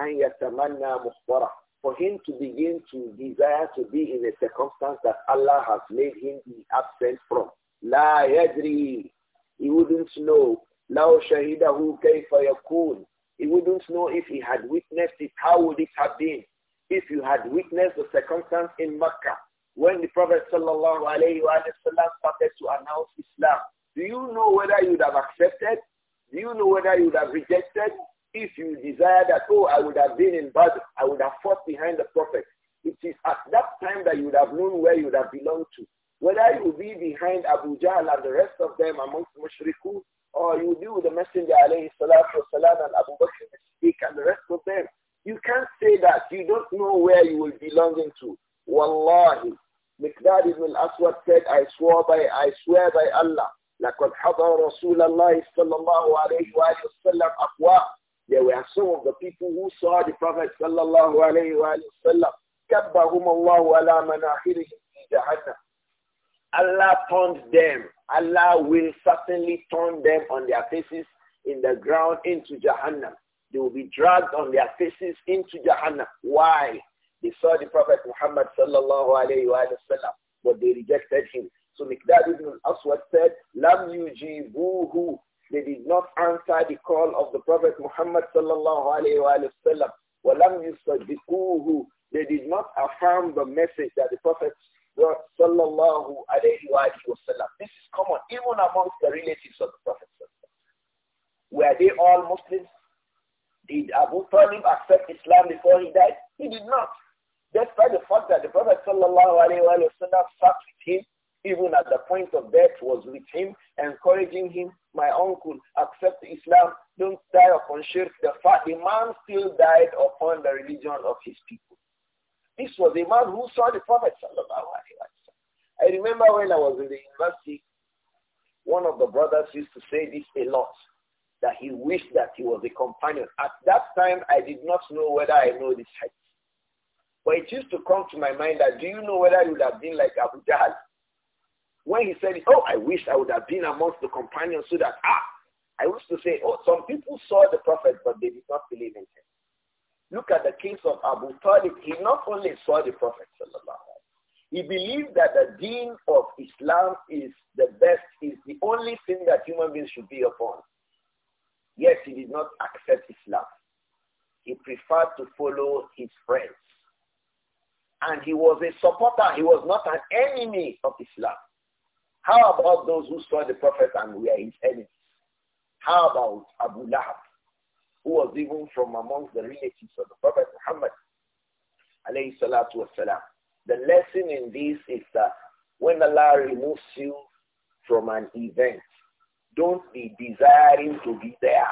Speaker 1: أن يتمنى مفطرا For him to begin to desire to be in a circumstance that Allah has made him be absent from لا يدري He wouldn't know لو شهده كيف يكون He wouldn't know if he had witnessed it, how would it have been? If you had witnessed the circumstance in Makkah? when the Prophet sallallahu alayhi wasallam started to announce Islam, do you know whether you would have accepted? Do you know whether you would have rejected? If you desire that, oh, I would have been in battle, I would have fought behind the Prophet. It is at that time that you would have known where you would have belonged to. Whether you would be behind Abu Jahl and the rest of them amongst Mushriku, or you would be with the Messenger alayhi salatu wasallam and Abu Bakr as and the rest of them. You can't say that. You don't know where you will belong into. Wallahi, Miqdad ibn al-Aswad said, I swear by, I swear by Allah, لَقَدْ حَضَرَ رَسُولَ اللَّهِ صَلَّى اللَّهُ عَلَيْهِ وَآلِهِ وَسَلَّمْ There were some of the people who saw the Prophet صلى الله عليه وآله وسلم كبهم الله على مناخرهم في جهنم Allah turned them. Allah will certainly turn them on their faces in the ground into Jahannam. They will be dragged on their faces into Jahannam. Why? saw the Prophet Muhammad sallallahu alayhi wa sallam, but they rejected him. So Mikdad ibn al-Aswad said, Lam yujibuhu. They did not answer the call of the Prophet Muhammad sallallahu alayhi wa sallam. Walam yusaddiquhu. They did not affirm the message that the Prophet sallallahu alayhi wa sallam. This is common even amongst the relatives of the Prophet Were they all Muslims? Did Abu Talib accept Islam before he died? He did not. Despite the fact that the Prophet sallallahu alayhi wa sat with him, even at the point of death was with him, encouraging him, my uncle, accept Islam, don't die upon shirk. The, fact, the man still died upon the religion of his people. This was a man who saw the Prophet I remember when I was in the university, one of the brothers used to say this a lot, that he wished that he was a companion. At that time, I did not know whether I know this hadith. But it used to come to my mind that do you know whether you would have been like Abu Jahl? When he said, oh, I wish I would have been amongst the companions so that, ah, I used to say, oh, some people saw the prophet, but they did not believe in him. Look at the case of Abu Talib. He not only saw the prophet, he believed that the deen of Islam is the best, is the only thing that human beings should be upon. Yet he did not accept Islam. He preferred to follow his friends. And he was a supporter. He was not an enemy of Islam. How about those who saw the prophet and were his enemies? How about Abu Lahab, who was even from amongst the relatives of the prophet Muhammad? The lesson in this is that when Allah removes you from an event, don't be desiring to be there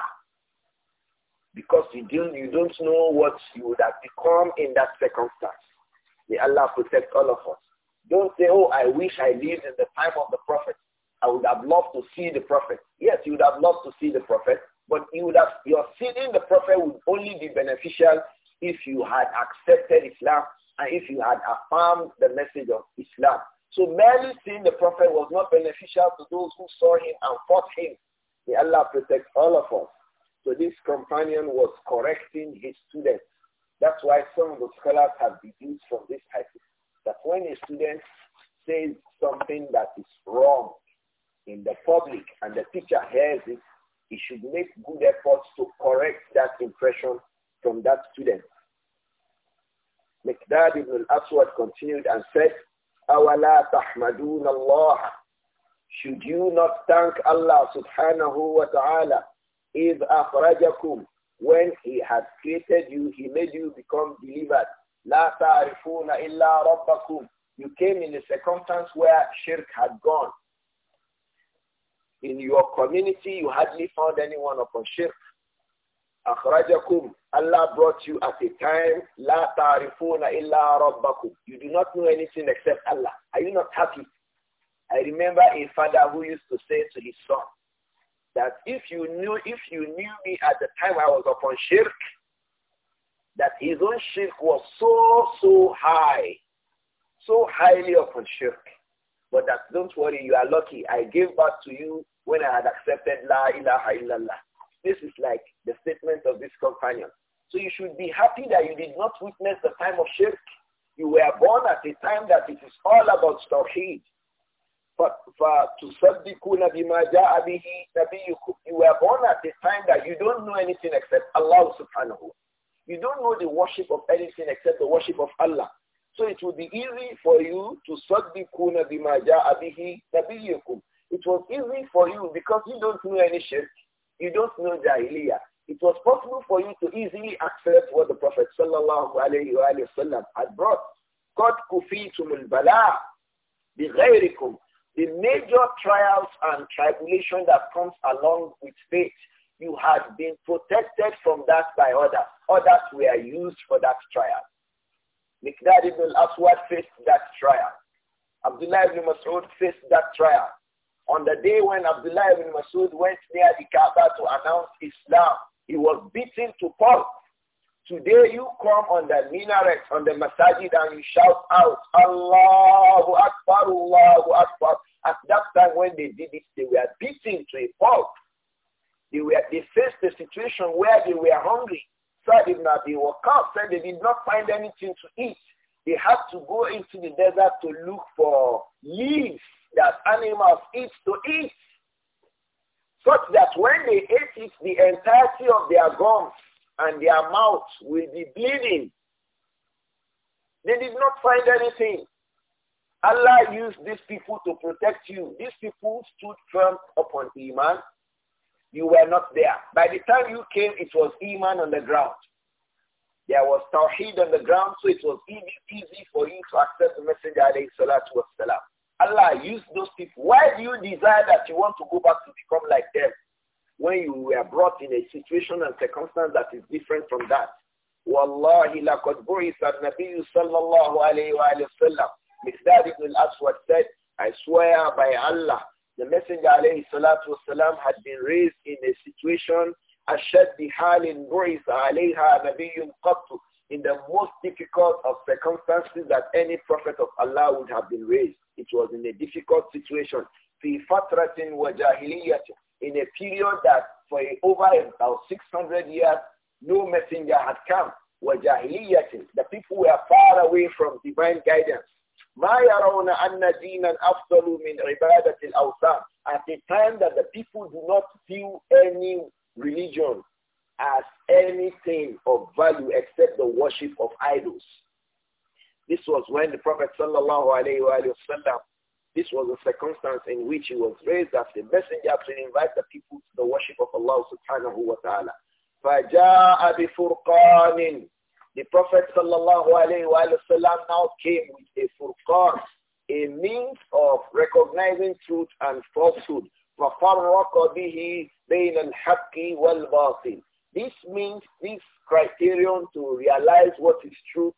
Speaker 1: because you don't know what you would have become in that circumstance. May Allah protect all of us. Don't say, oh, I wish I lived in the time of the prophet. I would have loved to see the prophet. Yes, you would have loved to see the prophet, but you would have, your seeing the prophet would only be beneficial if you had accepted Islam and if you had affirmed the message of Islam. So merely seeing the prophet was not beneficial to those who saw him and fought him. May Allah protect all of us. So this companion was correcting his students. That's why some of the scholars have deduced from this hadith that when a student says something that is wrong in the public and the teacher hears it, he should make good efforts to correct that impression from that student. Mikdad ibn al-Aswad continued and said, أَوَلَا تَحْمَدُونَ اللَّهَ Should you not thank Allah subhanahu wa ta'ala إِذْ أَخْرَجَكُمْ when he had created you, he made you become believers. La ta'rifuna illa rabbakum. You came in a circumstance where shirk had gone. In your community, you hardly found anyone upon shirk. Akhrajakum. Allah brought you at a time. La ta'rifuna illa rabbakum. You do not know anything except Allah. Are you not happy? I remember a father who used to say to his son, that if you knew if you knew me at the time I was upon shirk, that his own shirk was so so high, so highly upon shirk. But that don't worry, you are lucky. I gave back to you when I had accepted La ilaha illallah. This is like the statement of this companion. So you should be happy that you did not witness the time of shirk. You were born at a time that it is all about tawheed. فَتُصَدِّقُونَ بِمَا جَاءَ بِهِ نَبِيُّكُمْ You were born at the time that you don't know anything except Allah subhanahu. You don't know the worship of anything except the worship of Allah. So it would be easy for you to صَدِّقُونَ بِمَا جَاءَ بِهِ نَبِيُّكُمْ It was easy for you because you don't know any shirk. You don't know Jahiliyyah. It was possible for you to easily accept what the Prophet sallallahu alayhi wa had brought. قَدْ كُفِيتُمُ الْبَلَاءَ بِغَيْرِكُمْ the major trials and tribulation that comes along with faith, you have been protected from that by others. Others were used for that trial. Mikdad ibn al-Aswad faced that trial. Abdullah ibn Mas'ud faced that trial. On the day when Abdullah ibn Mas'ud went near the Kaaba to announce Islam, he was beaten to pulp Today you come on the minaret, on the masajid, and you shout out, Allahu Akbar, Allahu Akbar. At that time when they did this, they were beaten to a pulp. They, were, they faced a situation where they were hungry. Sa'd ibn Abi Waqqas said they did not find anything to eat. They had to go into the desert to look for leaves that animals eat to eat, such that when they ate it, the entirety of their gums and their mouths will be bleeding. They did not find anything. Allah used these people to protect you. These people stood firm upon Iman. You were not there. By the time you came, it was Iman on the ground. There was Tawheed on the ground, so it was easy, easy for you to accept the Messenger Allah used those people. Why do you desire that you want to go back to become like them? when you were brought in a situation and circumstance that is different from that. Wallahi laqad bu'itha an-nabiy sallallahu alayhi wa sallam. Miqdad ibn al-Aswad said, I swear by Allah, the Messenger alayhi salatu wasalam had been raised in a situation ashad bihalin bu'itha alayha nabiyyun qattu. In the most difficult of circumstances that any prophet of Allah would have been raised. It was in a difficult situation. في فترة وجاهلية in a period that for over about 600 years, no messenger had come. وَجَاهِلِيَّةٍ The people were far away from divine guidance. مَا يَرَوْنَ أَنَّ دِينًا أَفْضَلُ مِنْ عِبَادَةِ الْأَوْثَانِ At the time that the people do not view any religion as anything of value except the worship of idols. This was when the Prophet sallallahu alayhi wa sallam this was a circumstance in which he was raised as a messenger to invite the people to the worship of Allah subhanahu wa ta'ala. فَجَاءَ بِفُرْقَانٍ The Prophet sallallahu alayhi wa sallam now came with a furqan, a means of recognizing truth and falsehood. فَفَرَّقَ بِهِ بَيْنَ الْحَقِّ وَالْبَاطِلِ This means this criterion to realize what is truth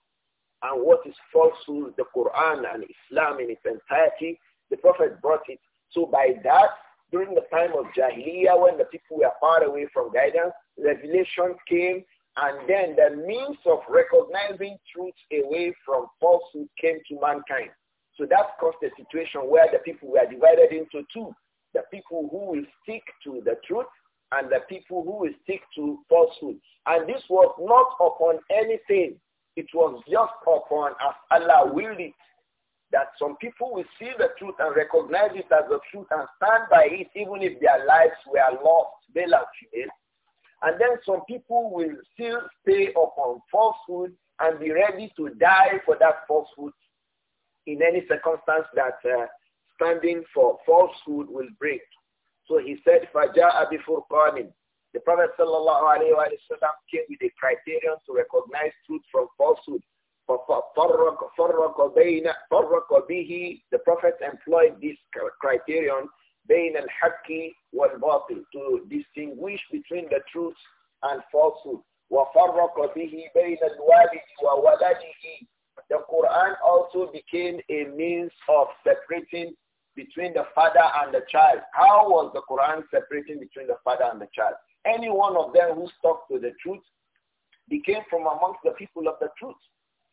Speaker 1: and what is falsehood, the Quran and Islam in its entirety, the Prophet brought it. So by that, during the time of Jahiliyyah, when the people were far away from guidance, revelation came, and then the means of recognizing truth away from falsehood came to mankind. So that caused a situation where the people were divided into two, the people who will stick to the truth and the people who will stick to falsehood. And this was not upon anything it was just upon as Allah willed it that some people will see the truth and recognize it as the truth and stand by it even if their lives were lost. Eh? And then some people will still stay upon falsehood and be ready to die for that falsehood in any circumstance that uh, standing for falsehood will bring. So he said, فَجَاءَ بِفُرْقَانٍ the Prophet sallallahu alayhi came with a criterion to recognize truth from falsehood. The Prophet employed this criterion بين الحق والباطل to distinguish between the truth and falsehood. وفرق به بين الوالد وولده The Quran also became a means of separating between the father and the child. How was the Quran separating between the father and the child? Any one of them who stuck to the truth became from amongst the people of the truth.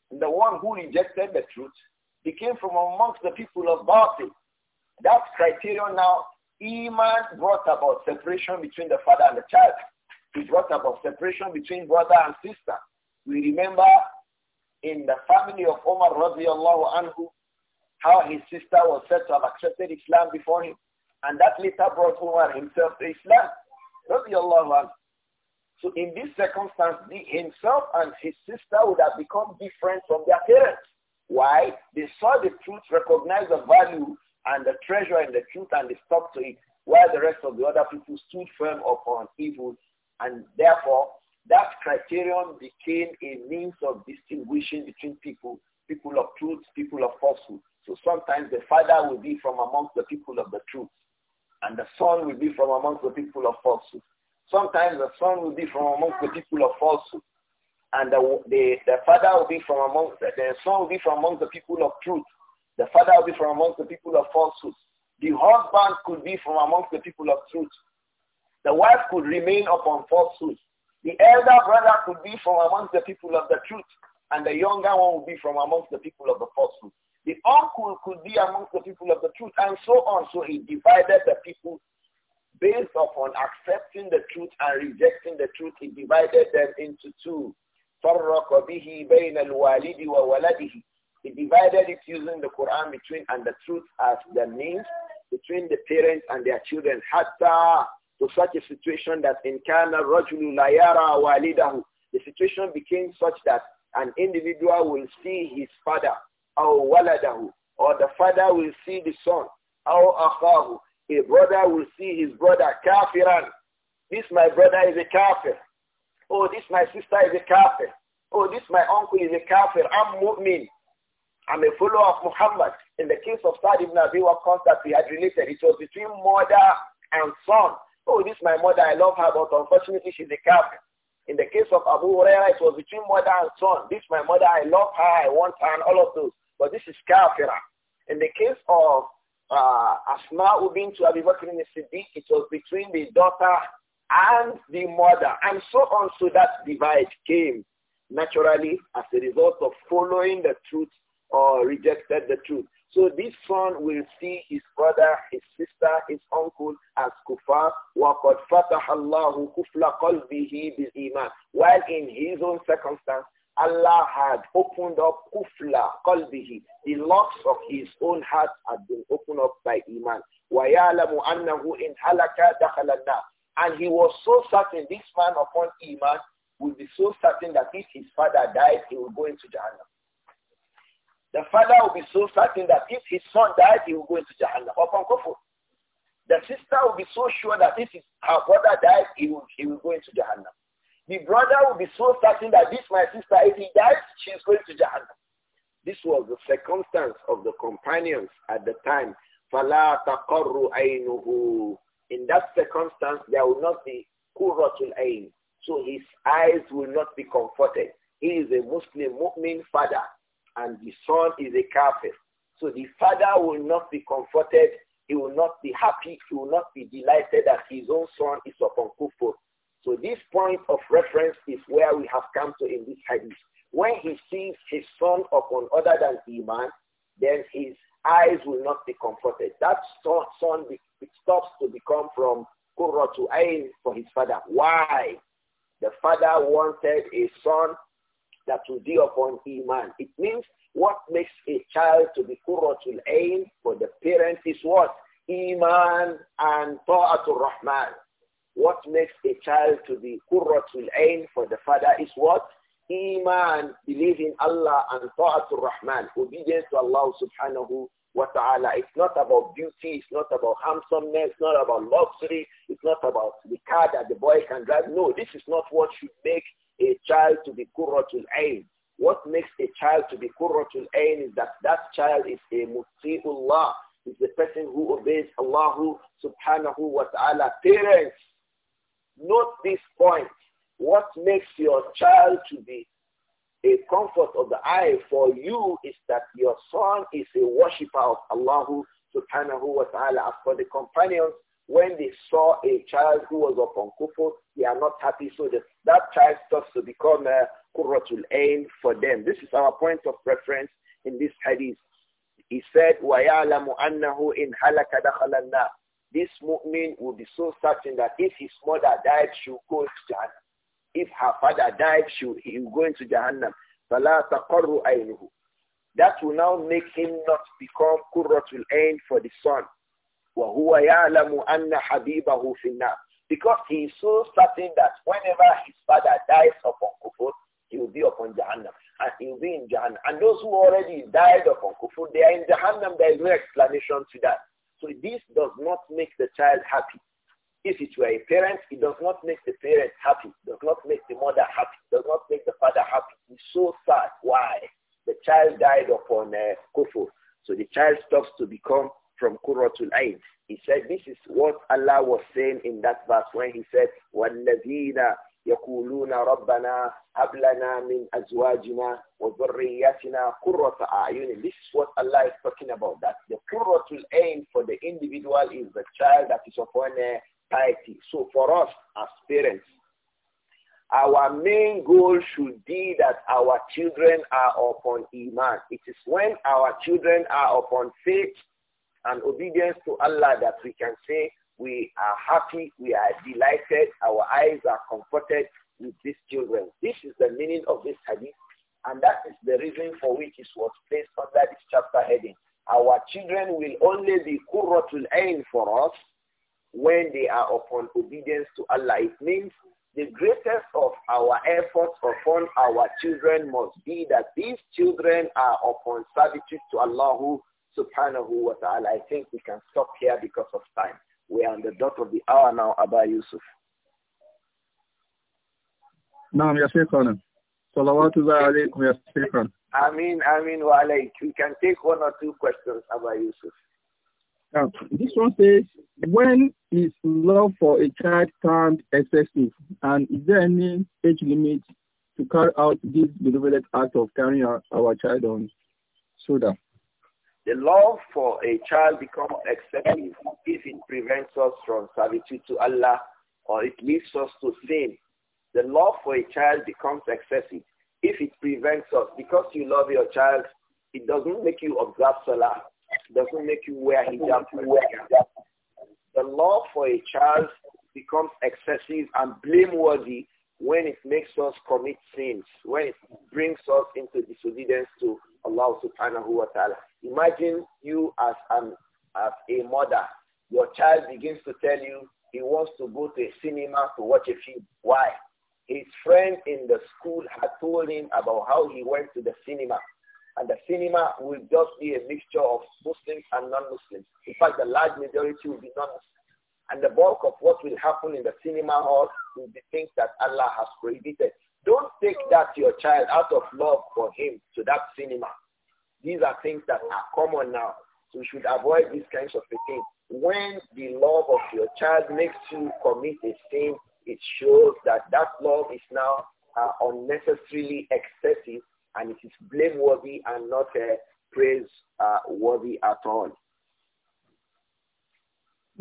Speaker 1: And the one who rejected the truth became from amongst the people of Baal. That criterion now, Iman brought about separation between the father and the child. It brought about separation between brother and sister. We remember in the family of Omar radiallahu anhu, how his sister was said to have accepted Islam before him. And that later brought Omar himself to Islam. So in this circumstance, the, himself and his sister would have become different from their parents. Why? They saw the truth, recognized the value and the treasure in the truth and they stuck to it, while the rest of the other people stood firm upon evil. And therefore, that criterion became a means of distinguishing between people, people of truth, people of falsehood. So sometimes the father will be from amongst the people of the truth. And the son will be from amongst the people of falsehood. Sometimes the son will be from amongst the people of falsehood. And the, the, the father will be from amongst, the, the son will be from among the people of truth. The father will be from amongst the people of falsehood. The husband could be from amongst the people of truth. The wife could remain upon falsehood. The elder brother could be from amongst the people of the truth. And the younger one would be from amongst the people of the falsehood. The uncle could be amongst the people of the truth and so on. So he divided the people based upon accepting the truth and rejecting the truth. He divided them into two. فَرَّقَ بِهِ بَيْنَ wa وَوَلَدِهِ He divided it using the Quran between and the truth as the means between the parents and their children. Hatta to such a situation that in kana rajulu layara walidahu. The situation became such that an individual will see his father أو ولده or the father will see the son أو أخاه a brother will see his brother kafiran this my brother is a kafir oh this my sister is a kafir oh this my uncle is a kafir I'm mu'min I'm a follower of Muhammad in the case of Sa'd ibn Abi Waqqas that we had related it was between mother and son oh this my mother I love her but unfortunately she's a kafir in the case of Abu Huraira, it was between mother and son. This my mother, I love her, I want her, and all of those. But this is kafira. In the case of uh, Asma Ubin to Abu Bakr Siddiq, it was between the daughter and the mother. And so on, so that divide came naturally as a result of following the truth or rejected the truth. So this son will see his brother, his sister, his uncle as kuffar. وَقَدْ فَتَحَ اللَّهُ كُفْلَ قَلْبِهِ بِالْإِيمَانِ While in his own circumstance, Allah had opened up kufla qalbihi. The locks of his own heart had been opened up by iman. وَيَعْلَمُ أَنَّهُ إِنْ هَلَكَ دَخَلَ النَّارِ And he was so certain, this man upon iman will be so certain that if his father died, he will go into Jahannam. The father will be so certain that if his son died, he will go into Jahannam. Upon kufur. The sister will be so sure that if his, her brother died, he will, he will go into Jahannam. The brother will be so certain that this my sister, if he dies, she is going to Jahannam. This was the circumstance of the companions at the time. فَلَا تَقَرُّ In that circumstance, there will not be قُرَّةُ الْعَيْنِ So his eyes will not be comforted. He is a Muslim, mu'min father, and the son is a kafir. So the father will not be comforted. He will not be happy. He will not be delighted that his own son is upon kufur. So this point of reference is where we have come to in this hadith. When he sees his son upon other than Iman, then his eyes will not be comforted. That son stops to become from Qurra to aim for his father. Why? The father wanted a son that will be upon Iman. It means what makes a child to be to aim for the parents is what? Iman and Ta'atul Rahman. What makes a child to be qurratul ain for the father is what? Iman, believe in Allah and ta'atul rahman, obedience to Allah subhanahu wa ta'ala. It's not about beauty, it's not about handsomeness, it's not about luxury, it's not about the car that the boy can drive. No, this is not what should make a child to be qurratul ain. What makes a child to be qurratul ain is that that child is a muti'ullah, is the person who obeys Allah subhanahu wa ta'ala. Parents, Note this point. What makes your child to be a comfort of the eye for you is that your son is a worshipper of Allah subhanahu wa ta'ala. As for the companions, when they saw a child who was upon kufr, they are not happy. So that, that child starts to become a uh, qurratul ain for them. This is our point of reference in this hadith. He said, وَيَعْلَمُ أَنَّهُ إِنْ هَلَكَ دَخَلَ النَّارِ this mu'min will be so certain that if his mother died, she will go to Jahannam. If her father died, she will, he will go into Jahannam. That will now make him not become Qurratul Ain for the son. Because he is so certain that whenever his father dies upon kufur, he will be upon Jahannam. And he will be in Jahannam. And those who already died upon kufur, they are in Jahannam. There is no explanation to that. So this does not make the child happy. If it were a parent, it does not make the parent happy, it does not make the mother happy, it does not make the father happy. It's so sad. Why? The child died upon uh, kufur. So the child stops to become from to Ain. He said this is what Allah was saying in that verse when he said, وَالَّذِينَ يقولون ربنا هب لنا من أزواجنا وذرياتنا قرة أعين This is what Allah is talking about that the qurratul aim for the individual is the child that is upon piety. So for us as parents, our main goal should be that our children are upon Iman. It is when our children are upon faith and obedience to Allah that we can say we are happy. We are delighted. Our eyes are comforted with these children. This is the meaning of this hadith. And that is the reason for which it was placed under this chapter heading. Our children will only be kurratul ain for us when they are upon obedience to Allah. It means the greatest of our efforts upon our children must be that these children are upon servitude to Allah subhanahu wa ta'ala. I think we can stop here because of time. We are on the dot of the hour now, Abba Yusuf. نعم يا شيخنا صلوات الله عليكم يا شيخنا آمين آمين We can take one or two questions, Abba Yusuf. Now, this one says, when is love for a child turned excessive? And is there any age limit to carry out this beloved act of carrying our, our child on shoulder? The love for a child becomes excessive if it prevents us from servitude to Allah or it leads us to sin. The love for a child becomes excessive if it prevents us. Because you love your child, it doesn't make you observe Salah. It doesn't make you wear hijab. The love for a child becomes excessive and blameworthy when it makes us commit sins, when it brings us into disobedience to Allah subhanahu wa ta'ala. Imagine you as, an, as a mother. Your child begins to tell you he wants to go to a cinema to watch a film. Why? His friend in the school had told him about how he went to the cinema. And the cinema will just be a mixture of Muslims and non-Muslims. In fact, the large majority will be non-Muslims. And the bulk of what will happen in the cinema hall will be things that Allah has prohibited. Don't take that your child out of love for him to that cinema. These are things that are common now. So you should avoid these kinds of things. When the love of your child makes you commit a sin, it shows that that love is now uh, unnecessarily excessive and it is blameworthy and not uh, praiseworthy uh, at all.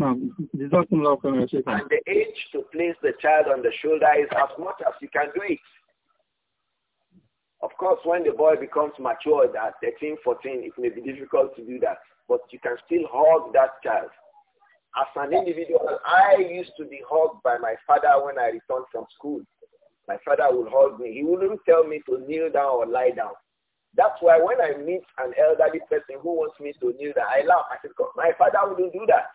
Speaker 1: And the age to place the child on the shoulder is as much as you can do it. Of course, when the boy becomes mature, at 13, 14, it may be difficult to do that. But you can still hug that child. As an individual, I used to be hugged by my father when I returned from school. My father would hug me. He wouldn't tell me to kneel down or lie down. That's why when I meet an elderly person who wants me to kneel down, I laugh. I said, my father wouldn't do that.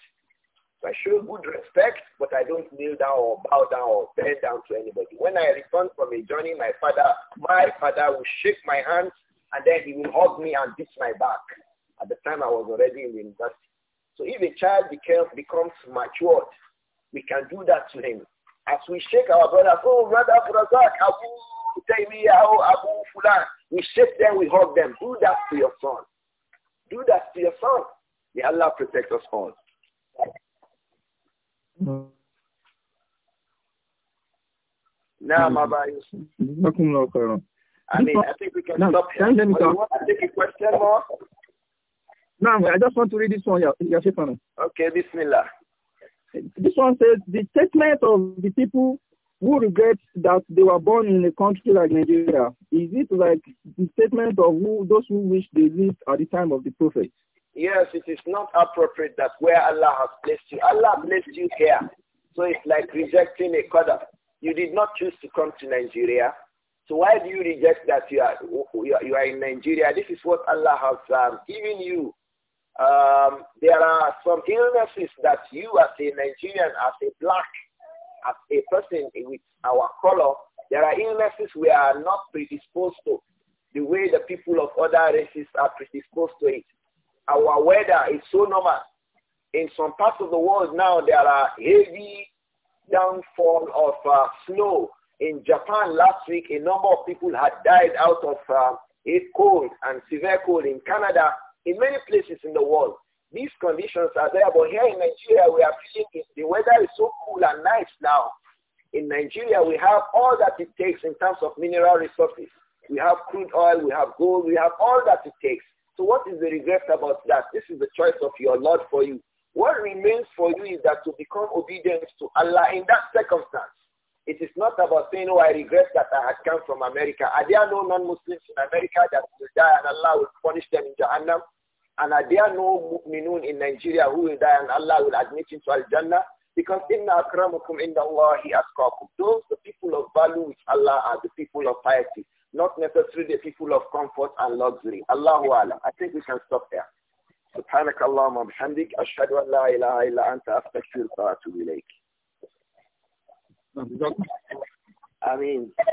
Speaker 1: So I show good respect, but I don't kneel down or bow down or bend down to anybody. When I return from a journey, my father, my father will shake my hands and then he will hug me and beat my back. At the time I was already in university. So if a child becomes, becomes matured, we can do that to him. As we shake our brothers, oh brother brother, Abu Taymiyyah, Abu Fulan, we shake them, we hug them. Do that to your son. Do that to your son. May Allah protect us all. Now, my bias. I mean, I think we can now, stop here. Let me You want to take a question more? No, I just want to read this one, Yasifana. Okay, Bismillah. This one says, the statement of the people who regret that they were born in a country like Nigeria, is it like the statement of who, those who wish they lived at the time of the prophet? Yes, it is not appropriate that where Allah has placed you. Allah blessed you here. So it's like rejecting a qadr. You did not choose to come to Nigeria. So why do you reject that you are, you are in Nigeria? This is what Allah has um, given you. Um, there are some illnesses that you as a Nigerian, as a black, as a person with our color, there are illnesses we are not predisposed to the way the people of other races are predisposed to it. Our weather is so normal. In some parts of the world now, there are heavy downfall of uh, snow. In Japan last week, a number of people had died out of uh, a cold and severe cold. In Canada, in many places in the world, these conditions are there. But here in Nigeria, we are feeling it. The weather is so cool and nice now. In Nigeria, we have all that it takes in terms of mineral resources. We have crude oil, we have gold, we have all that it takes. So what is the regret about that? This is the choice of your Lord for you. What remains for you is that to become obedient to Allah in that circumstance. It is not about saying, oh, I regret that I had come from America. Are there no non-Muslims in America that will die and Allah will punish them in Jahannam? And are there no mu'minun in Nigeria who will die and Allah will admit into Al-Jannah? Because inna akramakum inna Allahi askakum. Those, the people of value with Allah are the people of piety not necessarily the people of comfort and luxury. Allahu Alam. I think we can stop there. سبحانك اللهم وبحمدك أشهد أن لا إله إلا أنت أستغفرك وأتوب إليك. آمين.